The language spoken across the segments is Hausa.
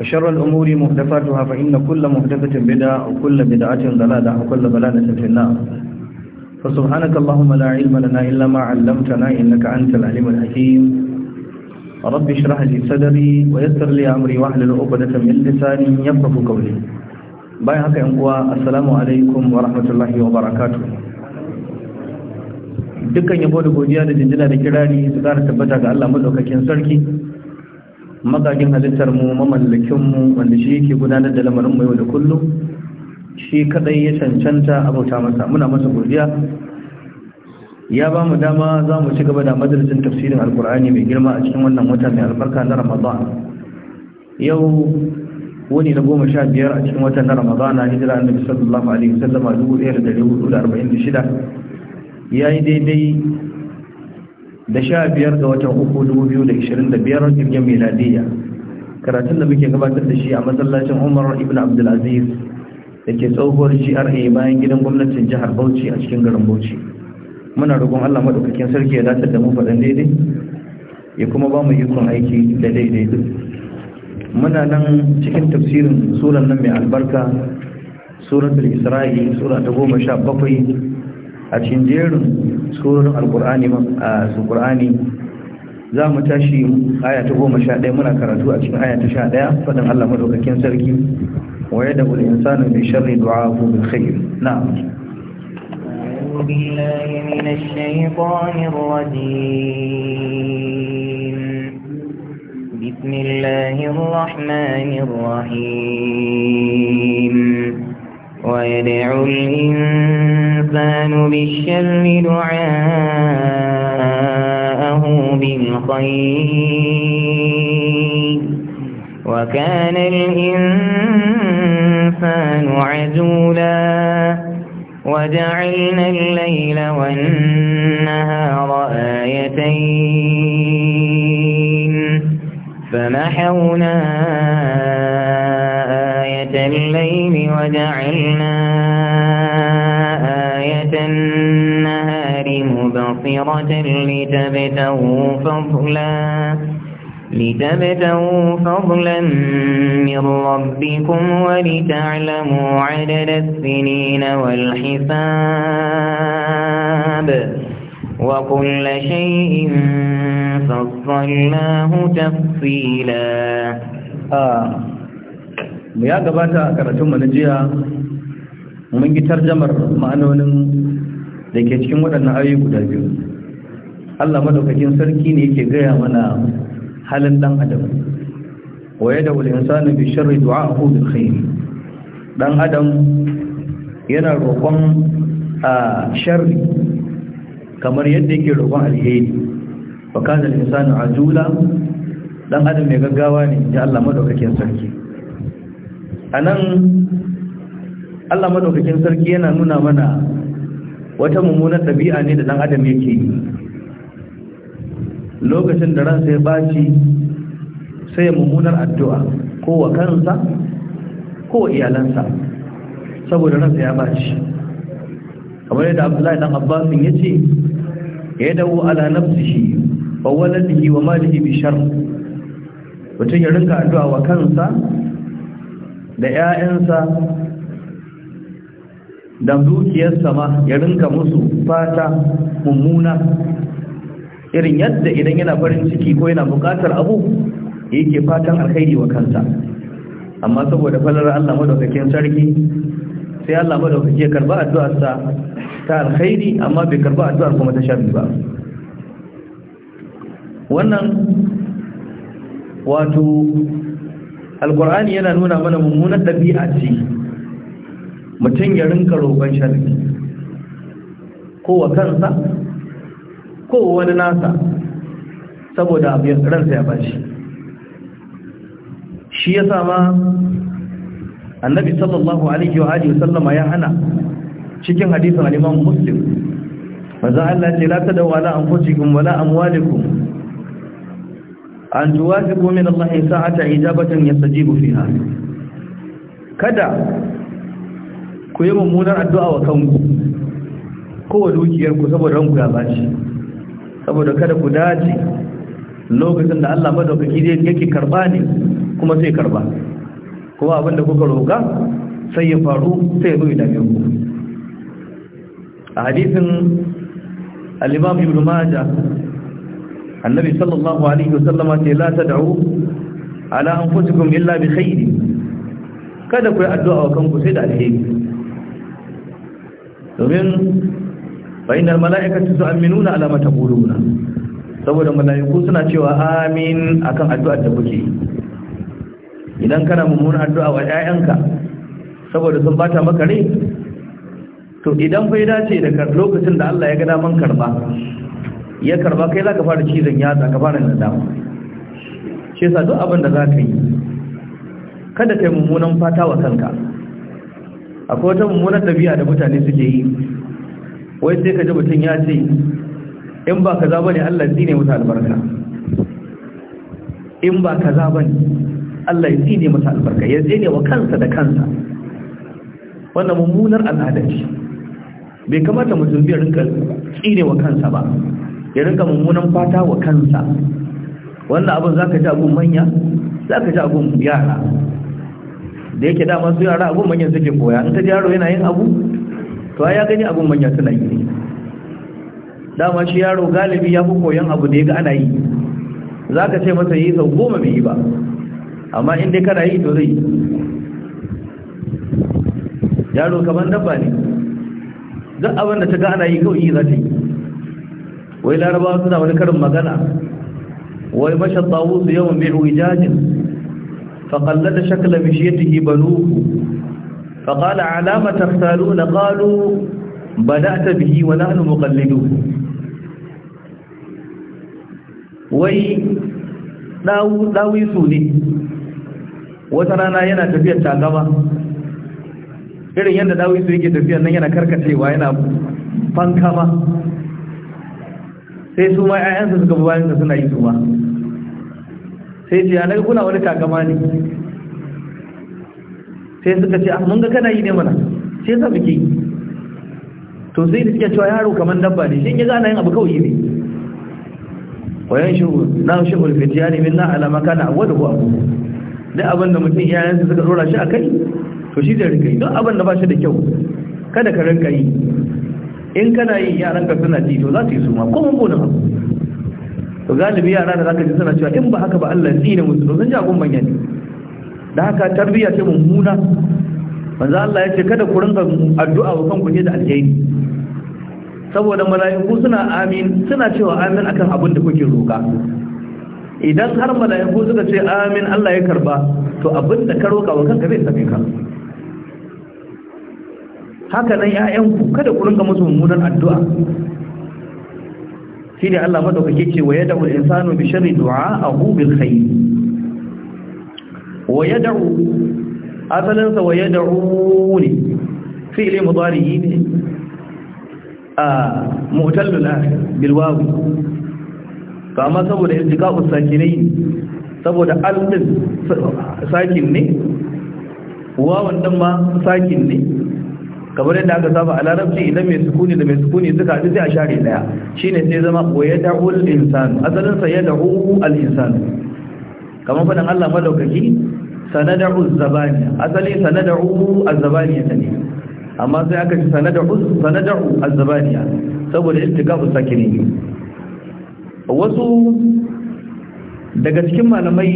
وشر الأمور محدثاتها فإن كل محدثة بدعة وكل بدعة ضلالة وكل ضلالة في النار فسبحانك اللهم لا علم لنا إلا ما علمتنا إنك أنت العليم الحكيم رب اشرح لي صدري ويسر لي أمري واحلل عقدة من لساني يفقه قولي باي هكا السلام عليكم ورحمة الله وبركاته dukkan yabo da godiya da jinjina da kirari su kara tabbata ga Allah madaukakin sarki magagin halittar mu mamallakin mu wanda shi yake gudanar da lamarin mu yau da kullum shi kadai ya cancanta abota masa muna masa godiya ya ba mu dama za mu ci gaba da majalisin tafsirin alkur'ani mai girma a cikin wannan wata mai albarka na ramadan yau wani na goma sha biyar a cikin watan na ramadana hijira annabi sallallahu alaihi wasallam a dubu ɗaya da ɗari hudu da arba'in da shida ya yi daidai da sha biyar ga watan uku dubu biyu da ishirin da biyar jirgin meladiya karatun da muke gabatar da shi a matsalacin umar ibn abdulaziz da ke tsohuwar gra bayan gidan gwamnatin jihar bauchi a cikin garin bauchi muna roƙon allah maɗaukakin sarki ya dace da mu faɗin daidai ya kuma ba mu ikon aiki da daidai muna nan cikin tafsirin suran nan mai albarka suratul isra'i sura ta goma sha bakwai a cikin jerin surorin alkur'ani a alkur'ani za mu tashi aya ta goma sha ɗaya muna karatu a cikin aya ta sha ɗaya faɗin Allah madaukakin sarki wa yadda ul insanu bi sharri du'a fu bil khair na'am بسم الله الرحمن الرحيم ويدعو الإنسان بالشر دعاءه بالخير وكان الإنسان عجولا وجعلنا الليل والنهار آيتين فمحونا الليل وجعلنا آية النهار مبصرة لتبتغوا فضلا لتبتغوا فضلا من ربكم ولتعلموا عدد السنين والحساب وكل شيء فصلناه تفصيلا آه. mu ya gabata a karatun mu na jiya mun yi tarjamar ma'anonin da ke cikin waɗannan ayoyi guda biyu Allah madaukakin sarki ne yake gaya mana halin dan adam wa yada wal insanu bi sharri du'a'uhu bil khair dan adam yana roƙon a sharri kamar yadda yake roƙon alheri wa kana al insanu ajula dan adam mai gaggawa ne da Allah madaukakin sarki a nan allah madaukakin sarki yana nuna mana wata mummunar ɗabi'a ne da ɗan adam yake yi lokacin da ransa ya baci sai mummunar addu'a ko wa kansa ko wa iyalansa saboda ransa ya baci kamar yadda abdullahi dan abbasin ya ce ya dawo ala nafsihi wa waladihi wa malihi bi shar mutum ya rinka addu'a wa kansa da ƴaƴansa, da dukiyarsa ma ya rinka musu fata mummuna irin yadda idan yana farin ciki ko yana buƙatar abu yake fatan alkhairi wa kansa amma saboda falar Allah madaukakin sarki sai Allah madaukake ya karba addu'arsa ta alkhairi amma bai karba addu'ar kuma ta sharri ba wannan wato Alƙur'ani yana nuna mana mummunan ɗabi'a ce mutum ya rinka roƙon sharri ko wa kansa ko wani nasa saboda abu ransa ya bashi shi ya sama annabi sallallahu alaihi wa alihi sallama ya hana cikin hadisin al-imam muslim maza Allah ce la wala ala anfusikum wala amwalikum an tuwafiqu min Allah sa'ata ijabatan yastajibu fiha kada ku yi mummunar addu'a wa kanku ko wa dukiyarku saboda ranku ya bashi, saboda kada ku dace lokacin da Allah madaukaki zai yake karba ne kuma sai karba kuma abinda kuka roka sai ya faru sai ya zo ya dame ku a hadisin al-Imam Ibn Majah annabi sallallahu alaihi wasallama ce la tad'u ala anfusikum illa bi khairi kada ku yi addu'a wa kanku sai da alheri domin bainal mala'ikatu tu'minuna ala ma taquluna saboda mala'iku suna cewa amin akan addu'ar da kuke idan kana mummunar addu'a wa 'ya'yanka saboda sun bata maka rai to idan bai dace daga lokacin da Allah ya gada man karba ya karba kai za ka fara cizon yatsa ka fara nadama shi sa duk abin da za ka yi kada yi mummunan fata wa kanka akwai wata mummunan ɗabi'a da mutane suke yi wai sai ka ji mutum ya ce in ba ka zaba ne, Allah zine masa albarka in ba ka zaba ne, Allah zine masa albarka ya zine wa kansa da kansa wannan mummunar al'ada bai kamata mutum biyar rinka tsine wa kansa ba ya rinka mummunan fata wa kansa wannan abin za ka ji abin manya za ka ji abin yara da yake dama su yara abin manyan suke koya in ta ji yaro yana yin abu to ya gani abin manya suna yi dama shi yaro galibi ya fi koyon abu da ya ga ana yi za ka ce masa yi sau goma bai yi ba amma in dai kana yi to zai yaro kamar dabba ne duk abin da ta ga ana yi kawai yi za ta yi wai larabawa suna wani karin magana wai masha tawusu yawan bi wijajin فقلد شكل مشيته na ƙalo على ta تختالون قالوا بدأت به ونحن مقلدوه wai ɗawi su ne wata rana yana tafiyar tagama irin yadda ɗawi su yake tafiyar nan yana karkacewa yana fankama sai su ma 'ya'yansu suka bayan da suna yi su ma sai ce yanar kuna wani takama ne sai suka ce ah, mun ga kana yi ne mana sai sa muke to sai da suke cewa yaro kamar dabba ne shi ya gana yin abu kawai ne wayan shi na shigo fitiya ne min na alama kana wadda ko abu da abin da mutum iyayensu suka dora shi a kai to shi da rikai don abin da ba shi da kyau kada ka rinka yi in kana yi yaran ka suna ji to za su yi suma ko mun gona abu to galibi yara da zaka ji suna cewa in ba haka ba Allah ya tsine musu to sun ji abun manya ne da haka tarbiyya ce mummuna manzo Allah ya ce kada ku rinka addu'a wa kanku ne da alheri saboda mala'iku suna amin suna cewa amin akan abin da kuke roka idan har mala'iku suka ce amin Allah ya karba to abin da ka roka wa kanka zai same ka haka nan ‘ya’yanku kada ku rinka musu mummunan addu'a shi ne Allah madaukake ce wa ya al-insanu bi sharri du'a'ahu bil khayr wa yad'u asalan sa wa yad'u ne fi'li yi ne a mu'tallu bil waw to amma saboda iltiqa'u ne, saboda al sakin ne wawan din ma sakin ne kamar yadda aka saba a larabci idan mai sukuni da mai sukuni suka haɗu sai a share daya shine sai zama wa yad'ul insan asalin sa yad'u al insan kamar fadan Allah madaukaki sanad'u zabani asali sanad'u az-zabaniya ne amma sai aka ci sanad'u sanad'u az-zabaniya saboda istiqabu sakini wasu daga cikin malamai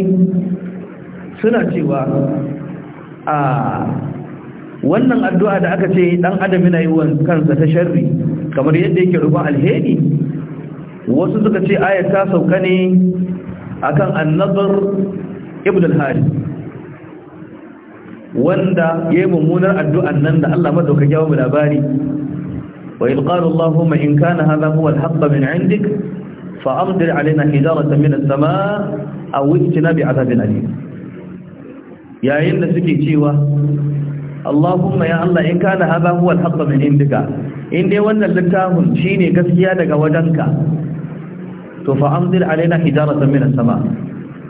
suna cewa a ah, wannan addu'a da aka ce dan adam yana yi wa kansa ta sharri kamar yadda yake duba alheri wasu suka ce ayat ta sauka ne kan annabar ibn al-hari wanda yayi mummunar addu'an nan da Allah madaukaki ya mu labari wa idh qala allahumma in kana hadha huwa al-haqq min 'indik fa amdir 'alaina min as-samaa aw ijtina bi'adabin alim yayin da suke cewa Allahumma ya Allah in kana hadha huwa al-haqqu min indika in dai wannan littafin shine gaskiya daga wajenka to fa amdil alaina hijaratan min as-sama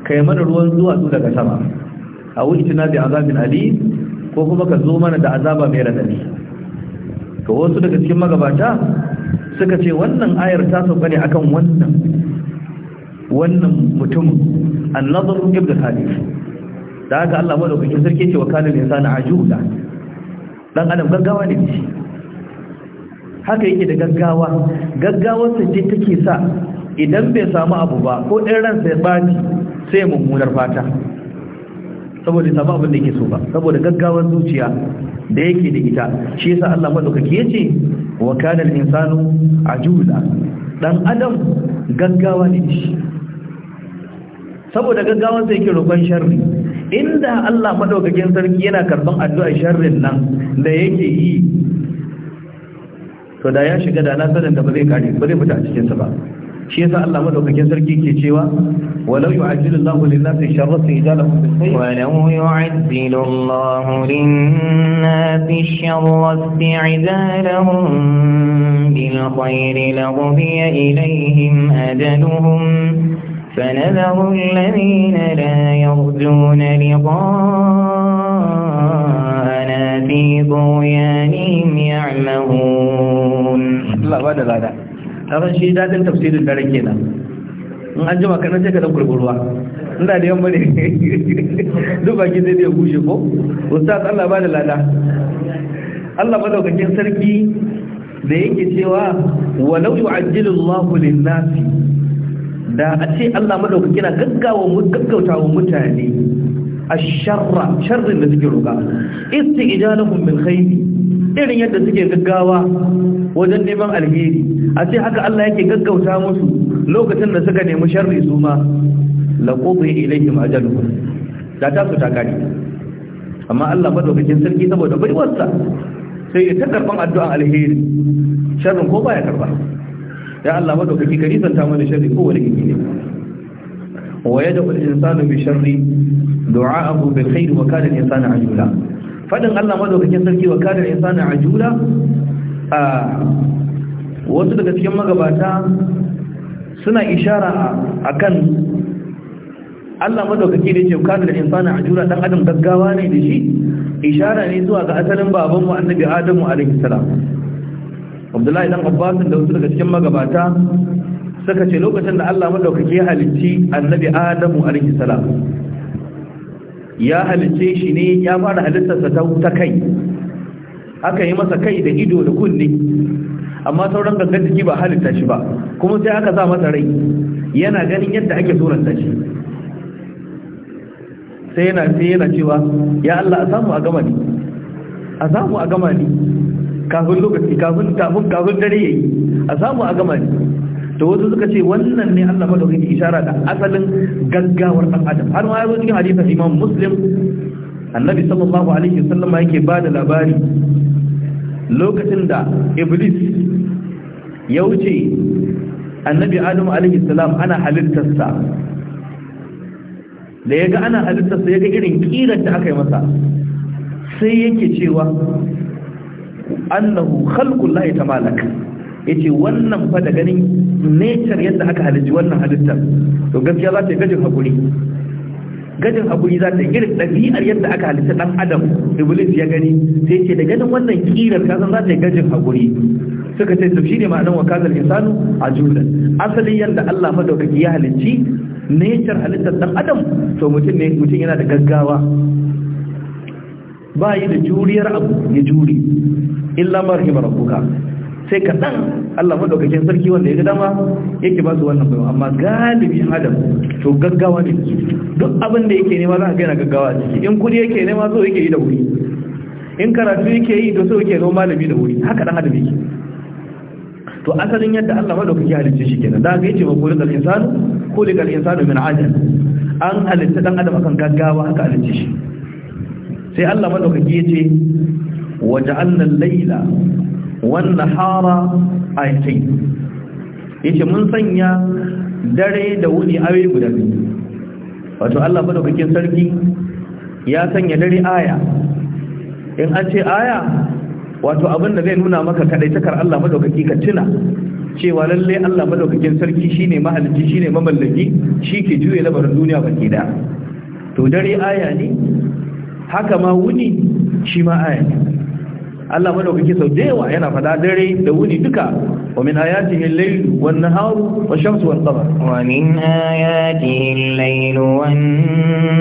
kai mana ruwan zuwa daga sama a wucina bi azabin ali ko kuma ka zo mana da azaba mai radadi to wasu daga cikin magabata suka ce wannan ayar ta sauka ne akan wannan wannan mutumin annadhar ibn hadith da haka Allah madaukakin sarki ce wa kana insana ajuda dan adam gaggawa ne shi haka yake da gaggawa gaggawarsa ce take sa idan bai samu abu ba ko ɗan ransa ya baci sai mummunar fata saboda samu abin da yake so ba saboda gaggawar zuciya da yake da ita shi yasa Allah madaukaki yace wa kana al-insanu ajuza dan adam gaggawa ne shi saboda gaggawan sai yake roƙon sharri inda Allah madaukakin sarki yana karban addu'ar sharrin nan da yake yi to da ya shiga da na sanin da ba zai kare ba zai fita a cikin sa ba shi yasa Allah madaukakin sarki yake cewa walau yu'ajjilu Allahu lin-nasi sharra sayyi'atihim bis-sayyi walau yu'ajjilu lin-nasi sharra sayyi'atihim bil-khayri laghiya ilayhim ajaluhum فنذر الذين لا يرجون لضانا في ضغيانهم يعمهون الله بعد هذا هذا الشيء ذات التفسير البركينا نجمع كنا جاكا نقول بلوا لا دي أمني دو باكي دي أبوشي بو أستاذ الله بعد هذا الله بدأ كي سركي da yake cewa walau yu'ajjilu Allahu lin da a ce Allah madaukaki yana gaggawa gaggautawa mutane a asharra sharrin da suke roƙa istijalahum min khairi irin yadda suke gaggawa wajen neman alheri a ce haka Allah yake gaggauta musu lokacin da suka nemi sharri su ma laqudi ilayhim ajaluhum da ta su ta kare amma Allah madaukakin sarki saboda baiwarsa sai ya ta karban addu'an alheri sharrin ko baya karba ya Allah madaukaki ka nisanta mana sharri ko wani gidi ne wa yad'u al-insanu bi sharri du'a'ahu bil khair wa kana al-insanu ajula fadin Allah madaukakin sarki wa kana al-insanu ajula a wasu daga cikin magabata suna ishara akan Allah madaukaki da yake kana al-insanu ajula dan adam gaggawa ne da shi ishara ne zuwa ga asalin babanmu annabi Adamu alaihi salam abdullahi dan abbasin da wasu daga cikin magabata suka ce lokacin da allah maɗaukaki ya halicci annabi adamu alaihi salam ya halicce shi ne ya fara halittarsa ta kai aka yi masa kai da ido da kunne amma sauran gangan jiki ba halitta shi ba kuma sai aka sa masa rai yana ganin yadda ake suranta shi sai yana cewa ya Allah a samu a gama ni a samu a gama ni kafin lokaci kafin kafin kafin dare yayi a samu a gama to wasu suka ce wannan ne Allah madaukaki isharar da asalin gaggawar dan adam har ma yazo cikin hadisin Imam Muslim annabi sallallahu alaihi wasallam yake bada labari lokacin da iblis ya wuce annabi Adam alaihi salam ana halittarsa da yaga ana halittarsa yaga irin kiran da aka yi masa sai yake cewa annahu khalqul lahi tamalaka yace wannan fa da ganin nature yadda aka halicci wannan halittar to gaskiya za ta gajin hakuri gajin hakuri za ta irin ɗabi'ar yadda aka halitta ɗan adam iblis ya gani sai ce da ganin wannan kirar kasan za ta gajin hakuri suka ce to shine ma'anar wa kazal insanu ajulan asalin yadda Allah madaukaki ya halicci nature halittar ɗan adam to mutum ne mutum yana da gaggawa ba yi da juriyar abu ya juri. illa rahimar rabbuka sai kaɗan Allah maɗaukakin sarki wanda ya ga dama yake ba su wannan bayan amma galibi ya adam to gaggawa ne duk abin da yake nema za a gaina gaggawa ciki in kudi yake nema so yake yi da wuri in karatu yake yi to so yake zo malami da wuri haka dan adam yake to asalin yadda Allah maɗaukaki halicce shi kenan da ga yace ba kullu dal insanu kullu dal insanu min ajal an halitta dan adam akan gaggawa haka halicce shi sai Allah maɗaukaki yace waja'alna al-layla wan-nahara ayatayn yace mun sanya dare da wuni ayoyi guda biyu wato Allah madaukakin sarki ya sanya dare aya in an ce aya wato abin da zai nuna maka kadaitakar Allah madaukaki ka tuna cewa lalle Allah madaukakin sarki shine mahalicci shine mamallaki shi ke juye labarin duniya baki da to dare aya ne haka ma wuni shi ma aya ne Allah madaukake sau da yawa yana fada dare da wuni duka wa min ayatihi al-layl wa an nahar wa ash-shams wa al qamar wa min ayatihi al-layl wa an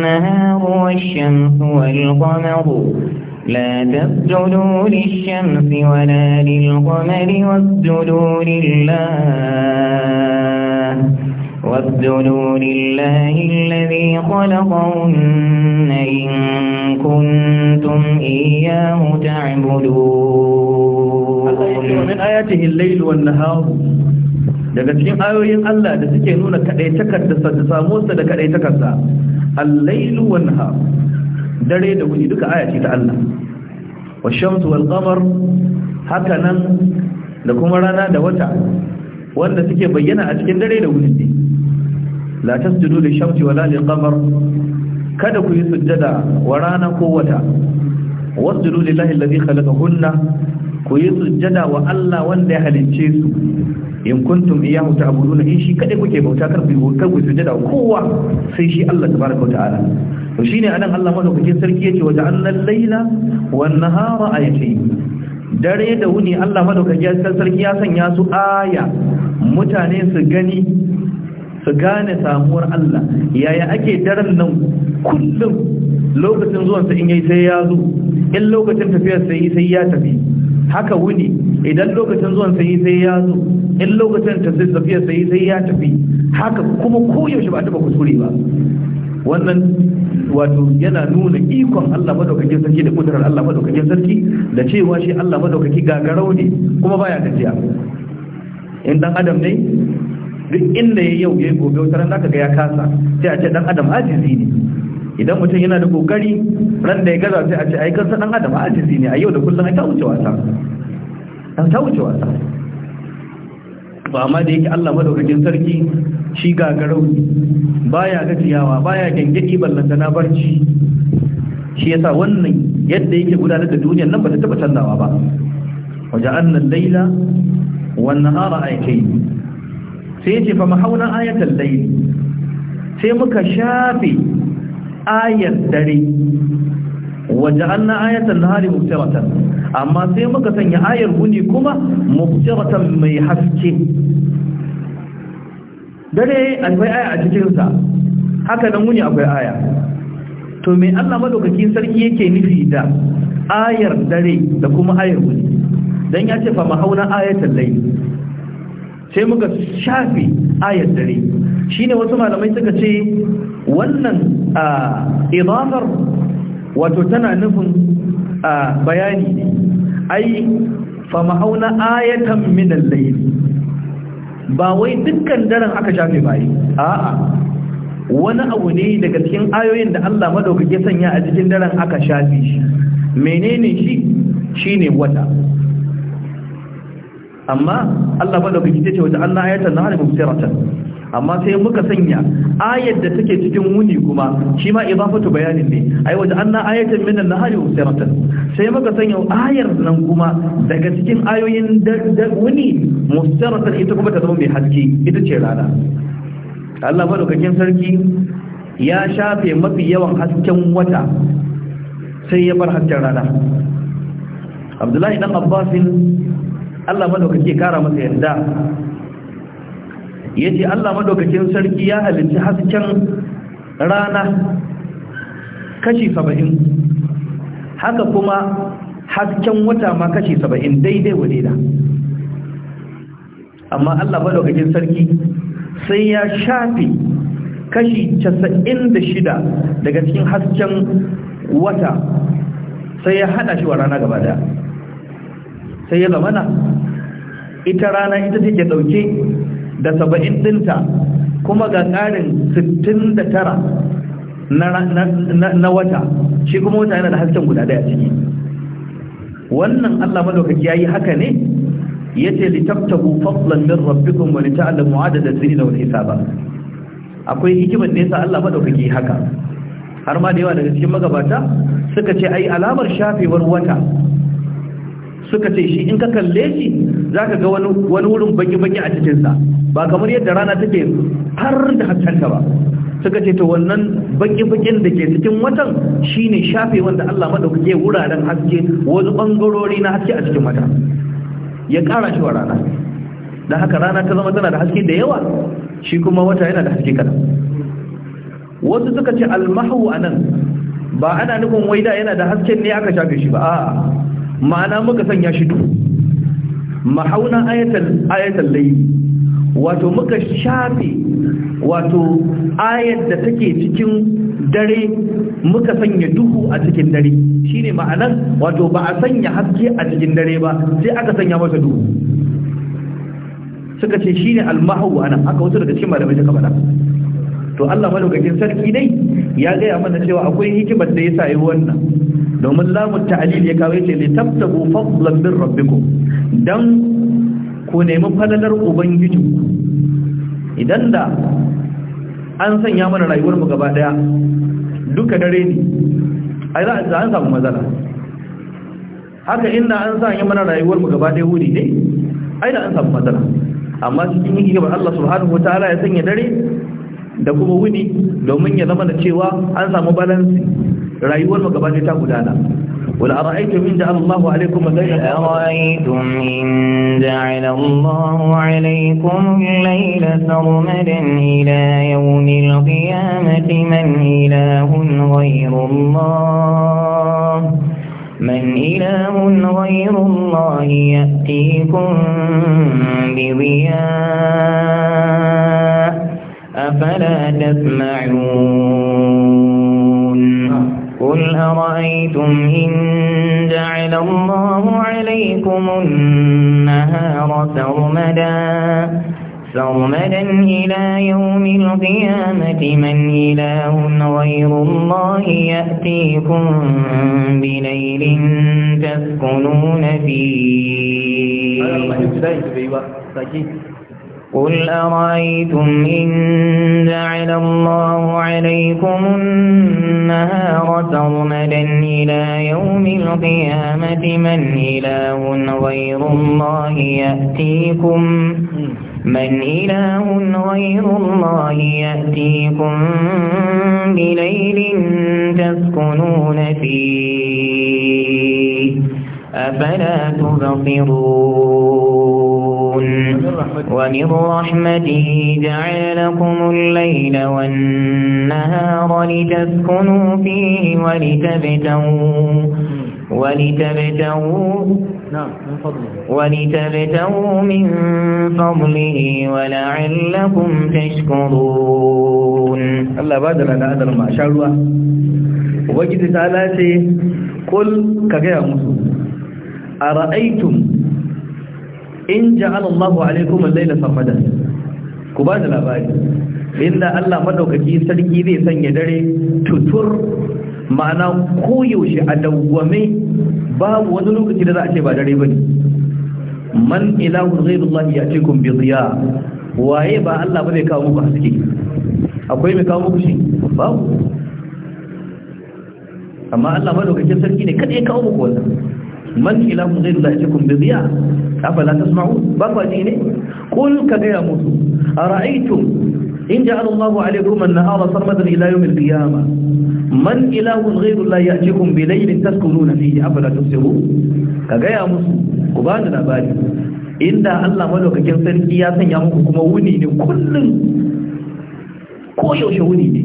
nahar wa ash-shams wa al qamar la tasjudu lish لا wa la lil-qamari wasjudu لله واسجدوا لله الذي خلقهن إن كنتم إياه إياه تعبدون ومن آياته الليل والنهار daga cikin ayoyin Allah da suke nuna kaɗaitakarsa da samuwarsa da kaɗaitakarsa allailu wan nahar dare da wuni duka aya ce ta Allah wa shamsu wal qamar haka nan da kuma rana da wata wanda suke bayyana a cikin dare da wuni ne la tasjudu lishamsi wala lilqamar kada ku yi sujjada wa rana ko wata wasjudu lillahi alladhi khalaqahunna ku yi sujjada wa Allah wanda ya halicce su in kuntum iyyahu ta'buduna in shi kade kuke bauta kar ku kar ku sujjada kowa sai shi Allah tabaraka wa ta'ala to shine anan Allah kuke sarki yace wa ja'alna al-laila wan nahara ayatayn dare da wuni Allah madaukakin sarki ya sanya su aya mutane su gani su gane samuwar Allah yaya ake daren nan kullum lokacin zuwansa in yayi sai ya zo in lokacin tafiyar sai sai ya tafi haka wuni idan lokacin zuwan sai sai ya zo in lokacin tafiyar sai sai ya tafi haka kuma koyaushe ba taba kuskure ba wannan wato yana nuna ikon Allah Madaukaki sarki da kudurar Allah Madaukaki sarki da cewa shi Allah madaukaki gagarau ne kuma baya gajiya in dan adam ne duk inda ya yau yi gobe wata ran ga ya kasa sai a ce dan adam ajizi ne idan mutum yana da kokari ran da ya gaza sai a ce ai kansa dan adam ajizi ne a yau da kullum ai ta wuce wasa ta wuce wasa ba amma da yake Allah madaukakin sarki shi gagarau baya gajiyawa baya gangadi ballanta na barci shi yasa wannan yadda yake gudanar da duniyar nan ba ta taba canzawa ba waje annan laila wannan hara aikai sai ya ce fa mahauna ayatul layl sai muka shafe ayar dare waje an na ayatul nahari mubtaratan amma sai muka sanya ayar wuni kuma mubtaratan mai haske dare akwai aya a cikinsa haka nan wuni akwai aya to mai Allah madaukakin sarki yake nufi da ayar dare da kuma ayar wuni dan ya ce fa mahauna ayatul layl sai muka shafi ayar dare shine wasu malamai suka ce wannan idafar wato tana nufin bayani ne ai fa ma'auna ayatan min al-layl ba wai dukkan daren aka shafe bai a'a wani abu ne daga cikin ayoyin da Allah madaukake sanya a cikin daren aka shafe shi menene shi shine wata amma Allah ba da kuke ce wata Allah ayatan nahari musiratan, amma sai muka sanya ayat da take cikin wuni kuma shi ma ibafatu bayanin ne ai wata anna ayatan minan nahari musiratan, sai muka sanya ayar nan kuma daga cikin ayoyin da wuni mubsiratan ita kuma ta zama mai haske ita ce rana Allah ba da sarki ya shafe mafi yawan hasken wata sai ya bar hasken rana Abdullahi dan Abbasin Allah madaukake kara masa yarda yace Allah madaukakin sarki ya halicci hasken rana kashi 70 haka kuma hasken wata ma kashi 70 daidai wadida amma Allah madaukakin sarki sai ya shafi kashi 96 daga cikin hasken wata sai ya hada shi wa rana gaba daya sai ya zamana ita rana ita take dauke da saba'in dinta kuma ga ƙarin sittin da tara na wata shi kuma wata yana da hasken guda daya ciki wannan Allah madaukaki yayi haka ne yace litabtahu fadlan min rabbikum wa lita'lamu adada sinina wal hisaba akwai hikimar da yasa Allah madaukaki haka har ma da yawa daga cikin magabata suka ce ai alamar shafewar wata suka ce shi in ka kalle shi za ka ga wani wurin baki-baki a cikinsa ba kamar yadda rana take har da haskanta ba suka ce ta wannan baki-bakin da ke cikin watan shi ne shafe wanda Allah maɗaukake wuraren haske wasu ɓangarori na haske a cikin wata ya ƙara shi wa rana da haka rana ta zama tana da haske da yawa shi kuma wata yana da haske kaɗan wasu suka ce almahu a nan ba ana nufin waida yana da hasken ne aka shafe shi ba a'a ma'ana muka sanya shi duhu mahauna ayatan layi, wato muka shafe wato ayat da take cikin dare muka sanya duhu a cikin dare shine ma'anar wato ba a sanya haske a cikin dare ba sai aka sanya masa duhu suka ce shi ne almahu ana aka wasu daga cikin malamai suka faɗa to Allah madaukakin sarki dai ya gaya mana cewa akwai hikimar da ya sayi wannan domin lamun ta'alil ya kawo yace litabtabu fadlan min rabbikum dan ku nemi falalar ubangiji idan da an sanya mana rayuwar mu gaba daya duka dare ne ai za a an samu matsala haka inda an sanya mana rayuwar mu gaba daya wuri ne ai da an samu matsala amma cikin yi gaban Allah subhanahu wataala ya sanya dare da kuma wuni domin ya zama da cewa an samu balance رايوان مقابل تابدانا ولا رأيتم إن جعل الله عليكم الليل أرأيتم إن جعل الله عليكم الليل سرمدا إلى يوم القيامة من إله غير الله من إله غير الله يأتيكم بضياء أفلا تسمعون قل أرأيتم إن جعل الله عليكم النهار سرمدا سرمدا إلى يوم القيامة من إله غير الله يأتيكم بليل تسكنون فيه قل أرأيتم إن جعل الله عليكم النهار ترمدا إلى يوم القيامة من إله غير الله يأتيكم من إله غير الله يأتيكم بليل تسكنون فيه أفلا تبصرون ومن رحمته جعل لكم الليل والنهار لتسكنوا فيه ولتبتغوا ولتبتغوا نعم، ولتبتغوا من فضله ولعلكم تشكرون الله بعد أنا أدر ما شاء الله وجد تعالى قل كجاء مسلم أرأيتم in Allahu alaikum al-laila sarmada ku ba da labari inda Allah madaukaki sarki zai sanya dare tutur ma'ana koyaushe a dawwame babu wani lokaci da za a ce ba dare bane man ilahu ghayrullahi ya'tikum bi dhiya waye ba Allah ba zai kawo muku haske akwai mai kawo muku shi babu amma Allah madaukakin sarki ne kada ya kawo muku wannan man ilahu zai da cikin bibiya afala tasma'u ba ku ji ne qul ka ga ya mutu ara'aytum in ja'ala Allahu alaykum an-nahara sarmadan ila yawm al-qiyamah man ilahun ghayru la ya'tikum bi laylin taskununa fihi afala tusiru ka ga musu ku ba da labari inda Allah malaukakin sarki ya sanya muku kuma wuni ne kullum ko yaushe wuni ne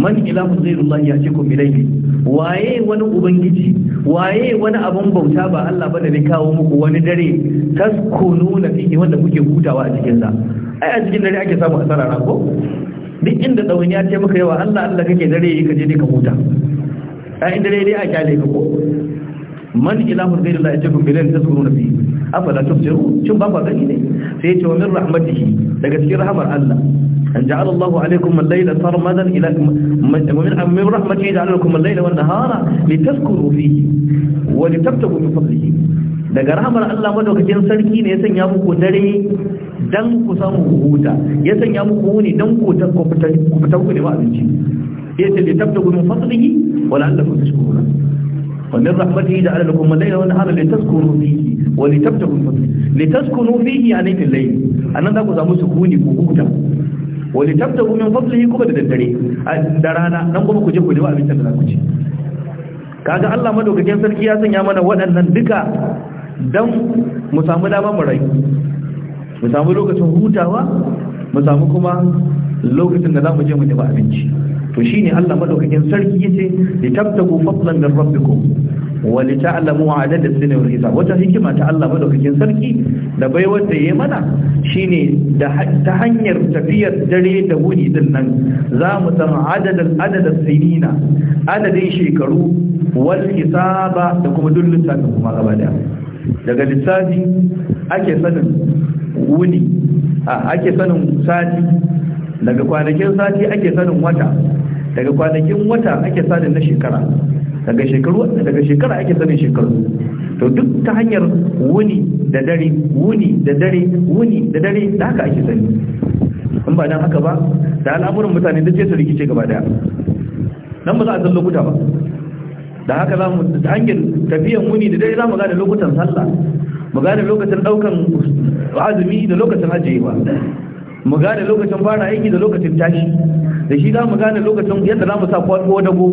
man ilahun ghayru la ya'tikum bi laylin waye wani ubangiji waye wani abun bauta ba Allah bane da kawo muku wani dare na fiye wanda kuke hutawa a cikin sa ai a cikin dare ake samu asara ran ko duk inda dawaniya ce muka yawa Allah Allah kake dare kaje je ka huta ai inda dai dai a kyale ka ko man ilahun zai da ajiyar bilan ta tsoro na fi afala ta tsoro cin ba gani ne sai ya ce wa min rahmatihi daga cikin rahamar Allah an ja'ala Allahu alaikum al-layla sarmadan ila wa min rahmatihi ja'ala lakum al-layla wan nahara litaskuru fihi wa litabtagu min fadlihi daga rahamar Allah madaukakin sarki ne ya sanya muku dare dan ku samu huta ya sanya muku wuni dan ku ta ku fita ku ne ba abinci yace litabtagu min fadlihi wa la'allakum tashkurun ومن رحمته جعل لكم الليل والنهار لتسكنوا فيه ولتبتغوا الفضل لتسكنوا فيه يعني في الليل أنا ذاك زعم سكوني كوكوتا ولتبتغوا من فضله كوكا ددري درانا نقوم كوجه كوجه وابن تبلا كوجه كاجا الله madaukakin sarki ya sanya mana waɗannan duka don mu samu dama mu rai mu samu lokacin hutawa mu samu kuma lokacin da za mu je mu dafa abinci to shi ne Allah madaukakin sarki ce, ya yace litabtagu fadlan min rabbikum wa lita'lamu adada sinni wal hisab wata hikima ta Allah madaukakin sarki da bai wanda yayi mana shine da ta hanyar tafiyar dare da wuri din nan za mu san adadin adadin sinina adadin shekaru wal hisaba da kuma duk lissafin kuma gaba daya daga lissafi ake sanin wuni ake sanin sati daga kwanakin sati ake sanin wata daga kwanakin wata ake sanin na shekara daga shekaru daga shekara ake sanin shekaru to duk ta hanyar wuni da dare wuni da dare wuni da dare da haka ake sani in ba nan haka ba da al'amuran mutane da ce su rikice gaba daya nan ba za a san lokuta ba da haka za mu ta hanyar tafiyan wuni da dare za mu gane lokutan sallah mu gane lokacin daukan azumi da lokacin hajjewa mu gane lokacin fara aiki da lokacin tashi da shi za mu gane lokacin yadda za mu sa kwaɗo dago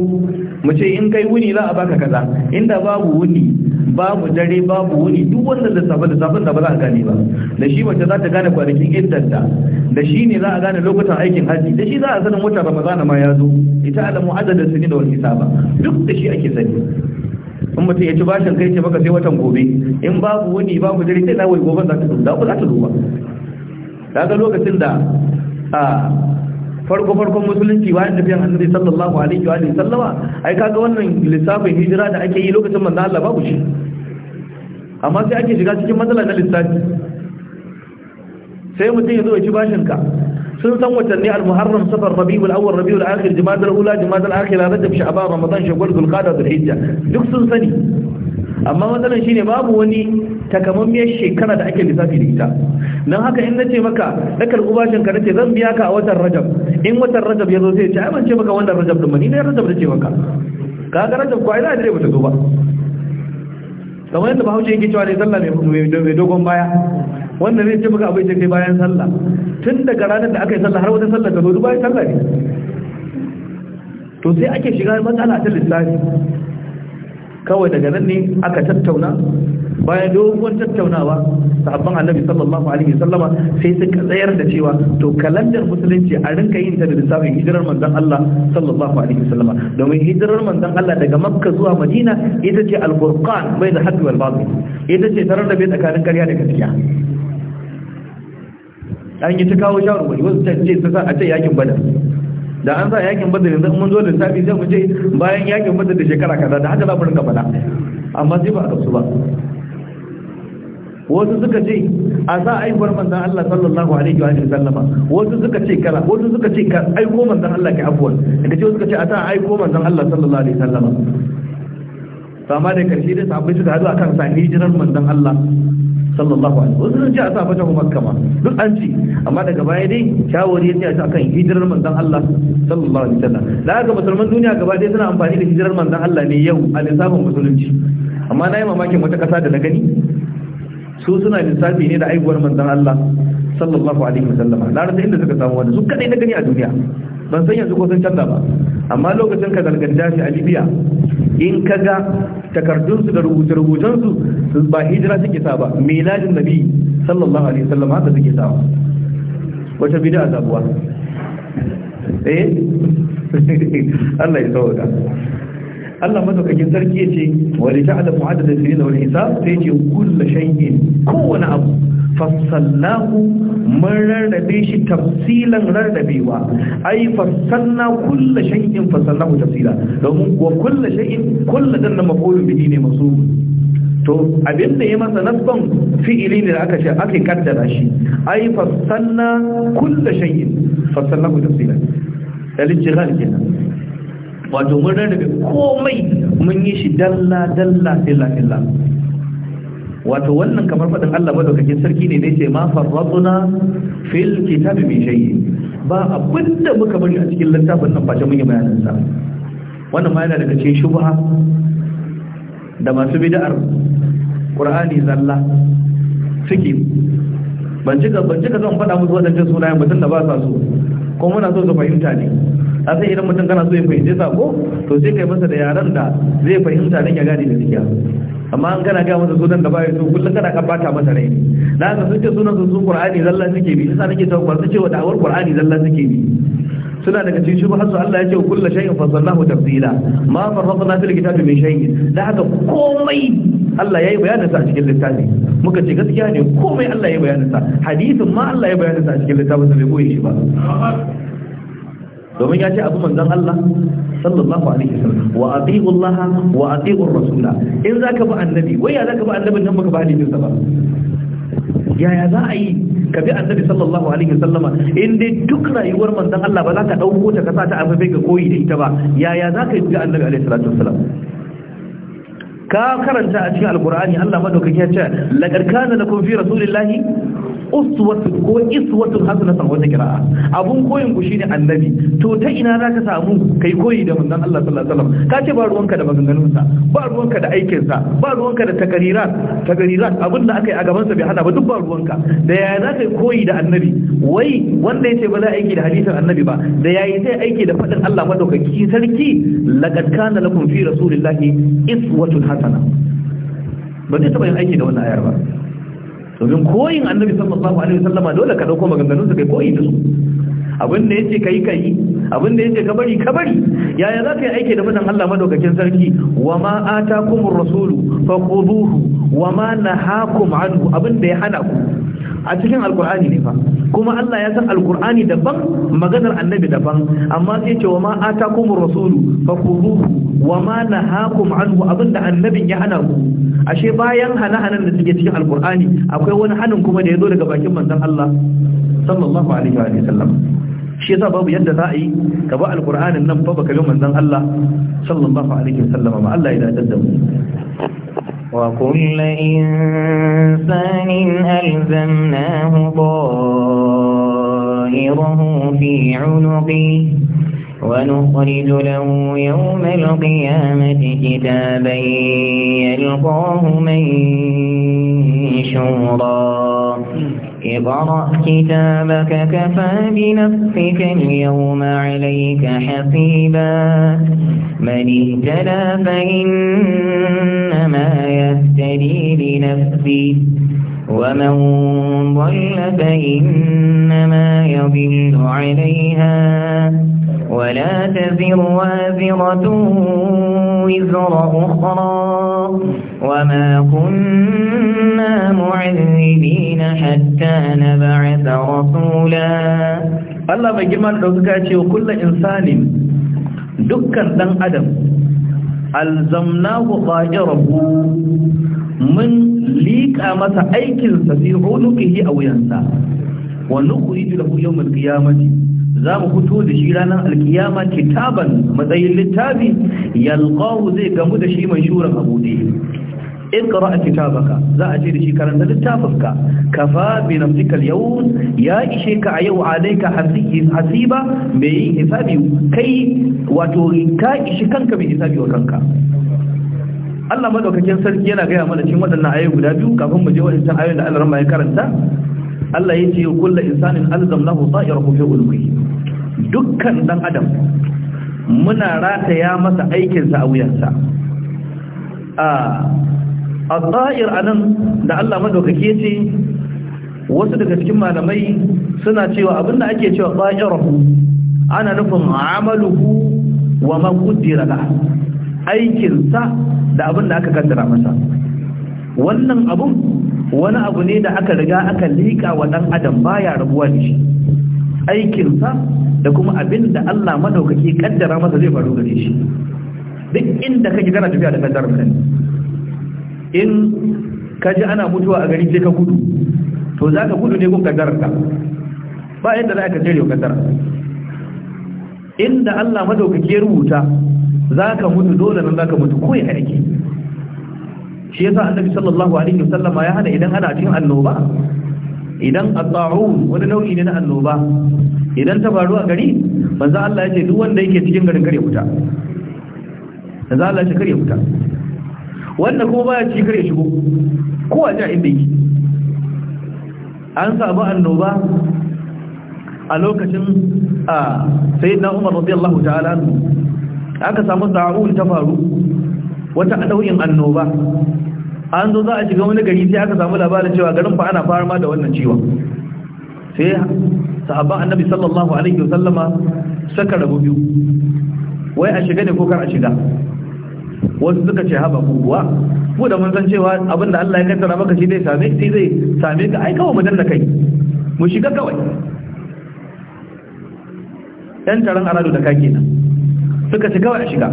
mu ce in kai wuni za a baka kaza inda babu wuni babu dare babu wuni duk wanda da safa da safan da ba za a gane ba da shi mace za ta gane kwanakin iddanta da shi ne za a gane lokacin aikin haji da shi za a sanin wata ramadan ma ya zo ita alamu adadin sani da wani saba duk da shi ake sani in mutum ya ci bashin kai ce maka sai watan gobe in babu wuni babu dare sai na wai gobe za ta zo za ku za ta zo ba daga lokacin da a farko farkon musulunci bayan tafiyan annabi sallallahu alaihi wa sallama ai kaga wannan lissafin hijira da ake yi lokacin manzo Allah babu shi amma sai ake shiga cikin matsala na lissafi sai mutum ya zo ya ci bashin ka sun san watanni al-muharram safar rabiul awwal rabiul akhir jumada al-ula jumada al akhir rajab sha'ban ramadan shawwal dhul hijja duk sun sani amma matsalar ne babu wani takamammiyar shekara da ake lissafi da ita don haka in nace maka dakar ubashin ka nace zan biya ka a watan rajab in watan rajab ya zo sai ce ai ban ce maka wannan rajab din ba ni ne rajab da ce maka kaga rajab ko ai da ba ta zo ba kamar yadda bahaushe yake cewa ne sallah mai dogon baya wannan zai ce maka abin da kai bayan sallah tun daga ranar da aka yi sallah har wata sallah ta zo bayan sallah ne to sai ake shiga matsala ta lissafi kawai daga nan ne aka tattauna bayan dogon tattaunawa sahabban annabi sallallahu alaihi wasallama sai suka tsayar da cewa to kalandar musulunci a rinka yin ta da lissafin hijirar manzon Allah sallallahu alaihi wasallama domin hijirar manzon Allah daga Makka zuwa Madina ita ce al bai da haddu wal ita ce tarar da bai tsakanin ƙarya da gaskiya an yi ta kawo shawarwari wasu ce ta sa a ce yakin badar da an sa yakin badar yanzu mun zo da tabi sai mu ce bayan yakin badar da shekara kaza da haka za mu rinka fada amma sai ba a gamsu ba wasu suka ce a sa aikwar manzan Allah sallallahu alaihi wa sallam wasu suka ce kala wasu suka ce ka aiko manzan Allah ka afwan daga ce suka ce a sa aiko manzan Allah sallallahu alaihi wa sallam sama da karshe da sahabbai suka hadu akan sa hijirar manzan Allah sallallahu alaihi wasallam ji a sa fata makka ma duk an ci amma daga baya dai shawari ya ce akan hijirar manzon Allah sallallahu alaihi wasallam da haka musulman duniya gaba dai suna amfani da hijirar manzon Allah ne yau a lissafin musulunci amma na yi mamakin wata ƙasa da na gani su suna lissafi ne da aiwuwar manzon Allah sallallahu alaihi wasallam na rasa inda suka samu wanda su kadai na gani a duniya ban san yanzu ko sun canza ba amma lokacin ka zarganta shi a libya in ka ga takardunsu da rubuce-rubucensu ba hijira suke sa ba miladin nabi sallallahu alaihi wasallam haka suke sa wata bid'a zabuwa eh Allah ya sauka Allah madaukakin sarki ya ce wani ta'ala mu'adda da sirri wani hisab sai ce kulla shayin kowani abu fassallahu mun rarrabe shi tafsilan rarrabewa ai fassalna kulla shayin fassallahu tafsila domin wa kulla shayin kulla dan na maqulun bihi ne masu to abinda ya masa nasban fi'ili ne da aka ce aka kaddara shi ai fassalna kulla shayin fassallahu tafsila dalil jigal kenan wato mun rarrabe komai mun yi shi dalla dalla illa illa wato wannan kamar faɗin Allah madaukakin sarki ne dai ce ma farraduna fil kitabi min shay'i ba abinda muka bari a cikin littafin nan face mun yi bayanin sa wannan ma yana daga cikin shubha da masu bid'ar Qur'ani zalla suke ban cika ban cika zan faɗa musu wadannan sunayen mutum da ba sa so ko muna so su fahimta ne a sai idan mutum kana so ya fahimci sako to sai kai masa da yaran da zai fahimta ne ya gane suke amma an kana gaya masa sunan da ba ya so kullum kana ka bata masa rai na ga sun ce sunan sun sun qur'ani zalla suke bi sai nake tawo ba su ce wa da'awar qur'ani zalla suke bi suna daga cikin shubha su Allah ya ce kullu shay'in fasallahu tafsila ma farradna fil kitabi min shay'in da haka komai Allah yayi bayanin sa a cikin littafi muka ce gaskiya ne komai Allah yayi bayanin sa hadisin ma Allah yayi bayanin sa a cikin littafin sa bai koyi shi ba domin ya ce abu manzan Allah sallallahu alaihi wasallam wa atiiu Allah wa atiiu rasula in zaka bi annabi wai ya zaka bi annabin nan baka ba hadisin sa ba yaya za a yi ka bi annabi sallallahu alaihi wasallama in dai duk rayuwar manzon Allah ba za ka dauko ta ka sa ta afafe ga koyi da ita ba yaya za ka yi ga annabi alaihi salatu wasallam ka karanta a cikin alkur'ani Allah madaukaki ya ce laqad kana lakum fi rasulillahi uswatun ko iswatun hasanatan wata kira'a abun koyin ku shine annabi to ta ina za ka samu kai koyi da manzon Allah sallallahu alaihi wasallam ka ce ba ruwanka da maganganun sa ba ruwanka da aikin sa ba ruwanka da takariran, takariran abin da aka yi a gaban sa bai hada ba duk ba ruwanka da yaya za zaka koyi da annabi wai wanda ya ce ba za aiki da hadisin annabi ba da yayi sai aiki da fadin Allah madaukaki sarki laqad kana lakum fi rasulillahi iswatun hasanatan sana ba zai taɓa yin aiki da wannan ayar ba domin koyin annabi sallallahu alaihi wasallama dole ka dauko maganganun su kai koyi da su abin da yace kai kai abin da yace ka bari ka bari yaya za ka yi aiki da fadan Allah madaukakin sarki wa ma atakumur rasulu fakhuduhu wa ma nahakum anhu abin da ya hana ku a cikin alkur'ani ne fa kuma Allah ya san alkur'ani daban maganar annabi daban amma sai ce wa ma atakumur rasulu fakuruhu wa ma nahakum anhu abinda annabin ya hana ku ashe bayan hana-hanan da suke cikin alkur'ani akwai wani hanin kuma da ya zo daga bakin manzon Allah sallallahu alaihi wa sallam shi yasa babu yadda za a yi ka ba alkur'anin nan fa baka bi manzon Allah sallallahu alaihi wa sallam ma Allah ya dadda mu وكل إنسان ألزمناه طائره في عنقه ونخرج له يوم القيامة كتابا يلقاه منشورا اقرأ كتابك كفى بنفسك اليوم عليك حسيبا من اهتدى فإنما يهتدي لنفسه ومن ضل فإنما يضل عليها ولا تزر وازرة وزر أخرى وما كنا معذبين حتى نبعث رسولا Allah mai girman ɗaukaka ce wa kullum insanin dukkan ɗan adam alzamnahu ta'irahu mun liƙa masa aikinsa fi hunukihi a wuyansa wa za mu fito da shi ranar alkiyama kitaban matsayin littafi yalqahu zai gamu da shi mai shuran abude اقرأ كتابك a أجير شي كرنت للتافك كفى بنفسك اليوم yin hisabi kai, wato حسيبة بإحسابي kanka وتوغيكا hisabi wa kanka. Allah madaukakin sarki yana gaya mana cikin waɗannan ayoyi guda biyu kafin mu je waɗannan ayoyin da Allah ya karanta Allah ya ce kullu insanin alzamnahu ta'irahu fi ulwi dukkan dan adam muna rataya masa aikinsa a wuyansa a al-zahir anan da Allah madaukake ce wasu daga cikin malamai suna cewa abinda ake cewa zahirahu ana nufin amaluhu wa ma qaddara la aikin sa da abinda aka kaddara masa wannan abun wani abu ne da aka riga aka lika wa dan adam baya rabuwa da shi aikin sa da kuma abinda Allah madaukake kaddara masa zai faru gare shi duk inda kake kana tafiya da kaddarar kanka in ka ji ana mutuwa a gari ce ka gudu to za ka gudu ne kun ka kaddararka ba yadda za ka tsere kaddara inda Allah madaukake rubuta za ka mutu dole nan za ka mutu ko ya kake shi yasa annabi sallallahu alaihi wasallam ya hana idan ana cin annoba idan at-ta'un wani nau'i ne na annoba idan ta faru a gari manzo Allah ya ce duk wanda yake cikin garin kare huta manzo Allah ya ce kare huta wanda kuma baya ci kare shigo ko a ja inda yake an samu annoba a lokacin a sayyidina Umar radiyallahu ta'ala aka samu da'ul ta faru wata dauyin annoba an zo za a shiga wani gari sai aka samu labarin cewa garin fa ana fara ma da wannan ciwon sai sahabban annabi sallallahu alaihi wasallama saka rabu biyu wai a shiga ne ko kar a shiga wasu suka ce haba ku kuwa mu da mun san cewa abin da Allah ya kaddara maka shi zai same shi zai same ka ai kawai mu danna kai mu shiga kawai yan taron aradu da kake nan suka ce kawai a shiga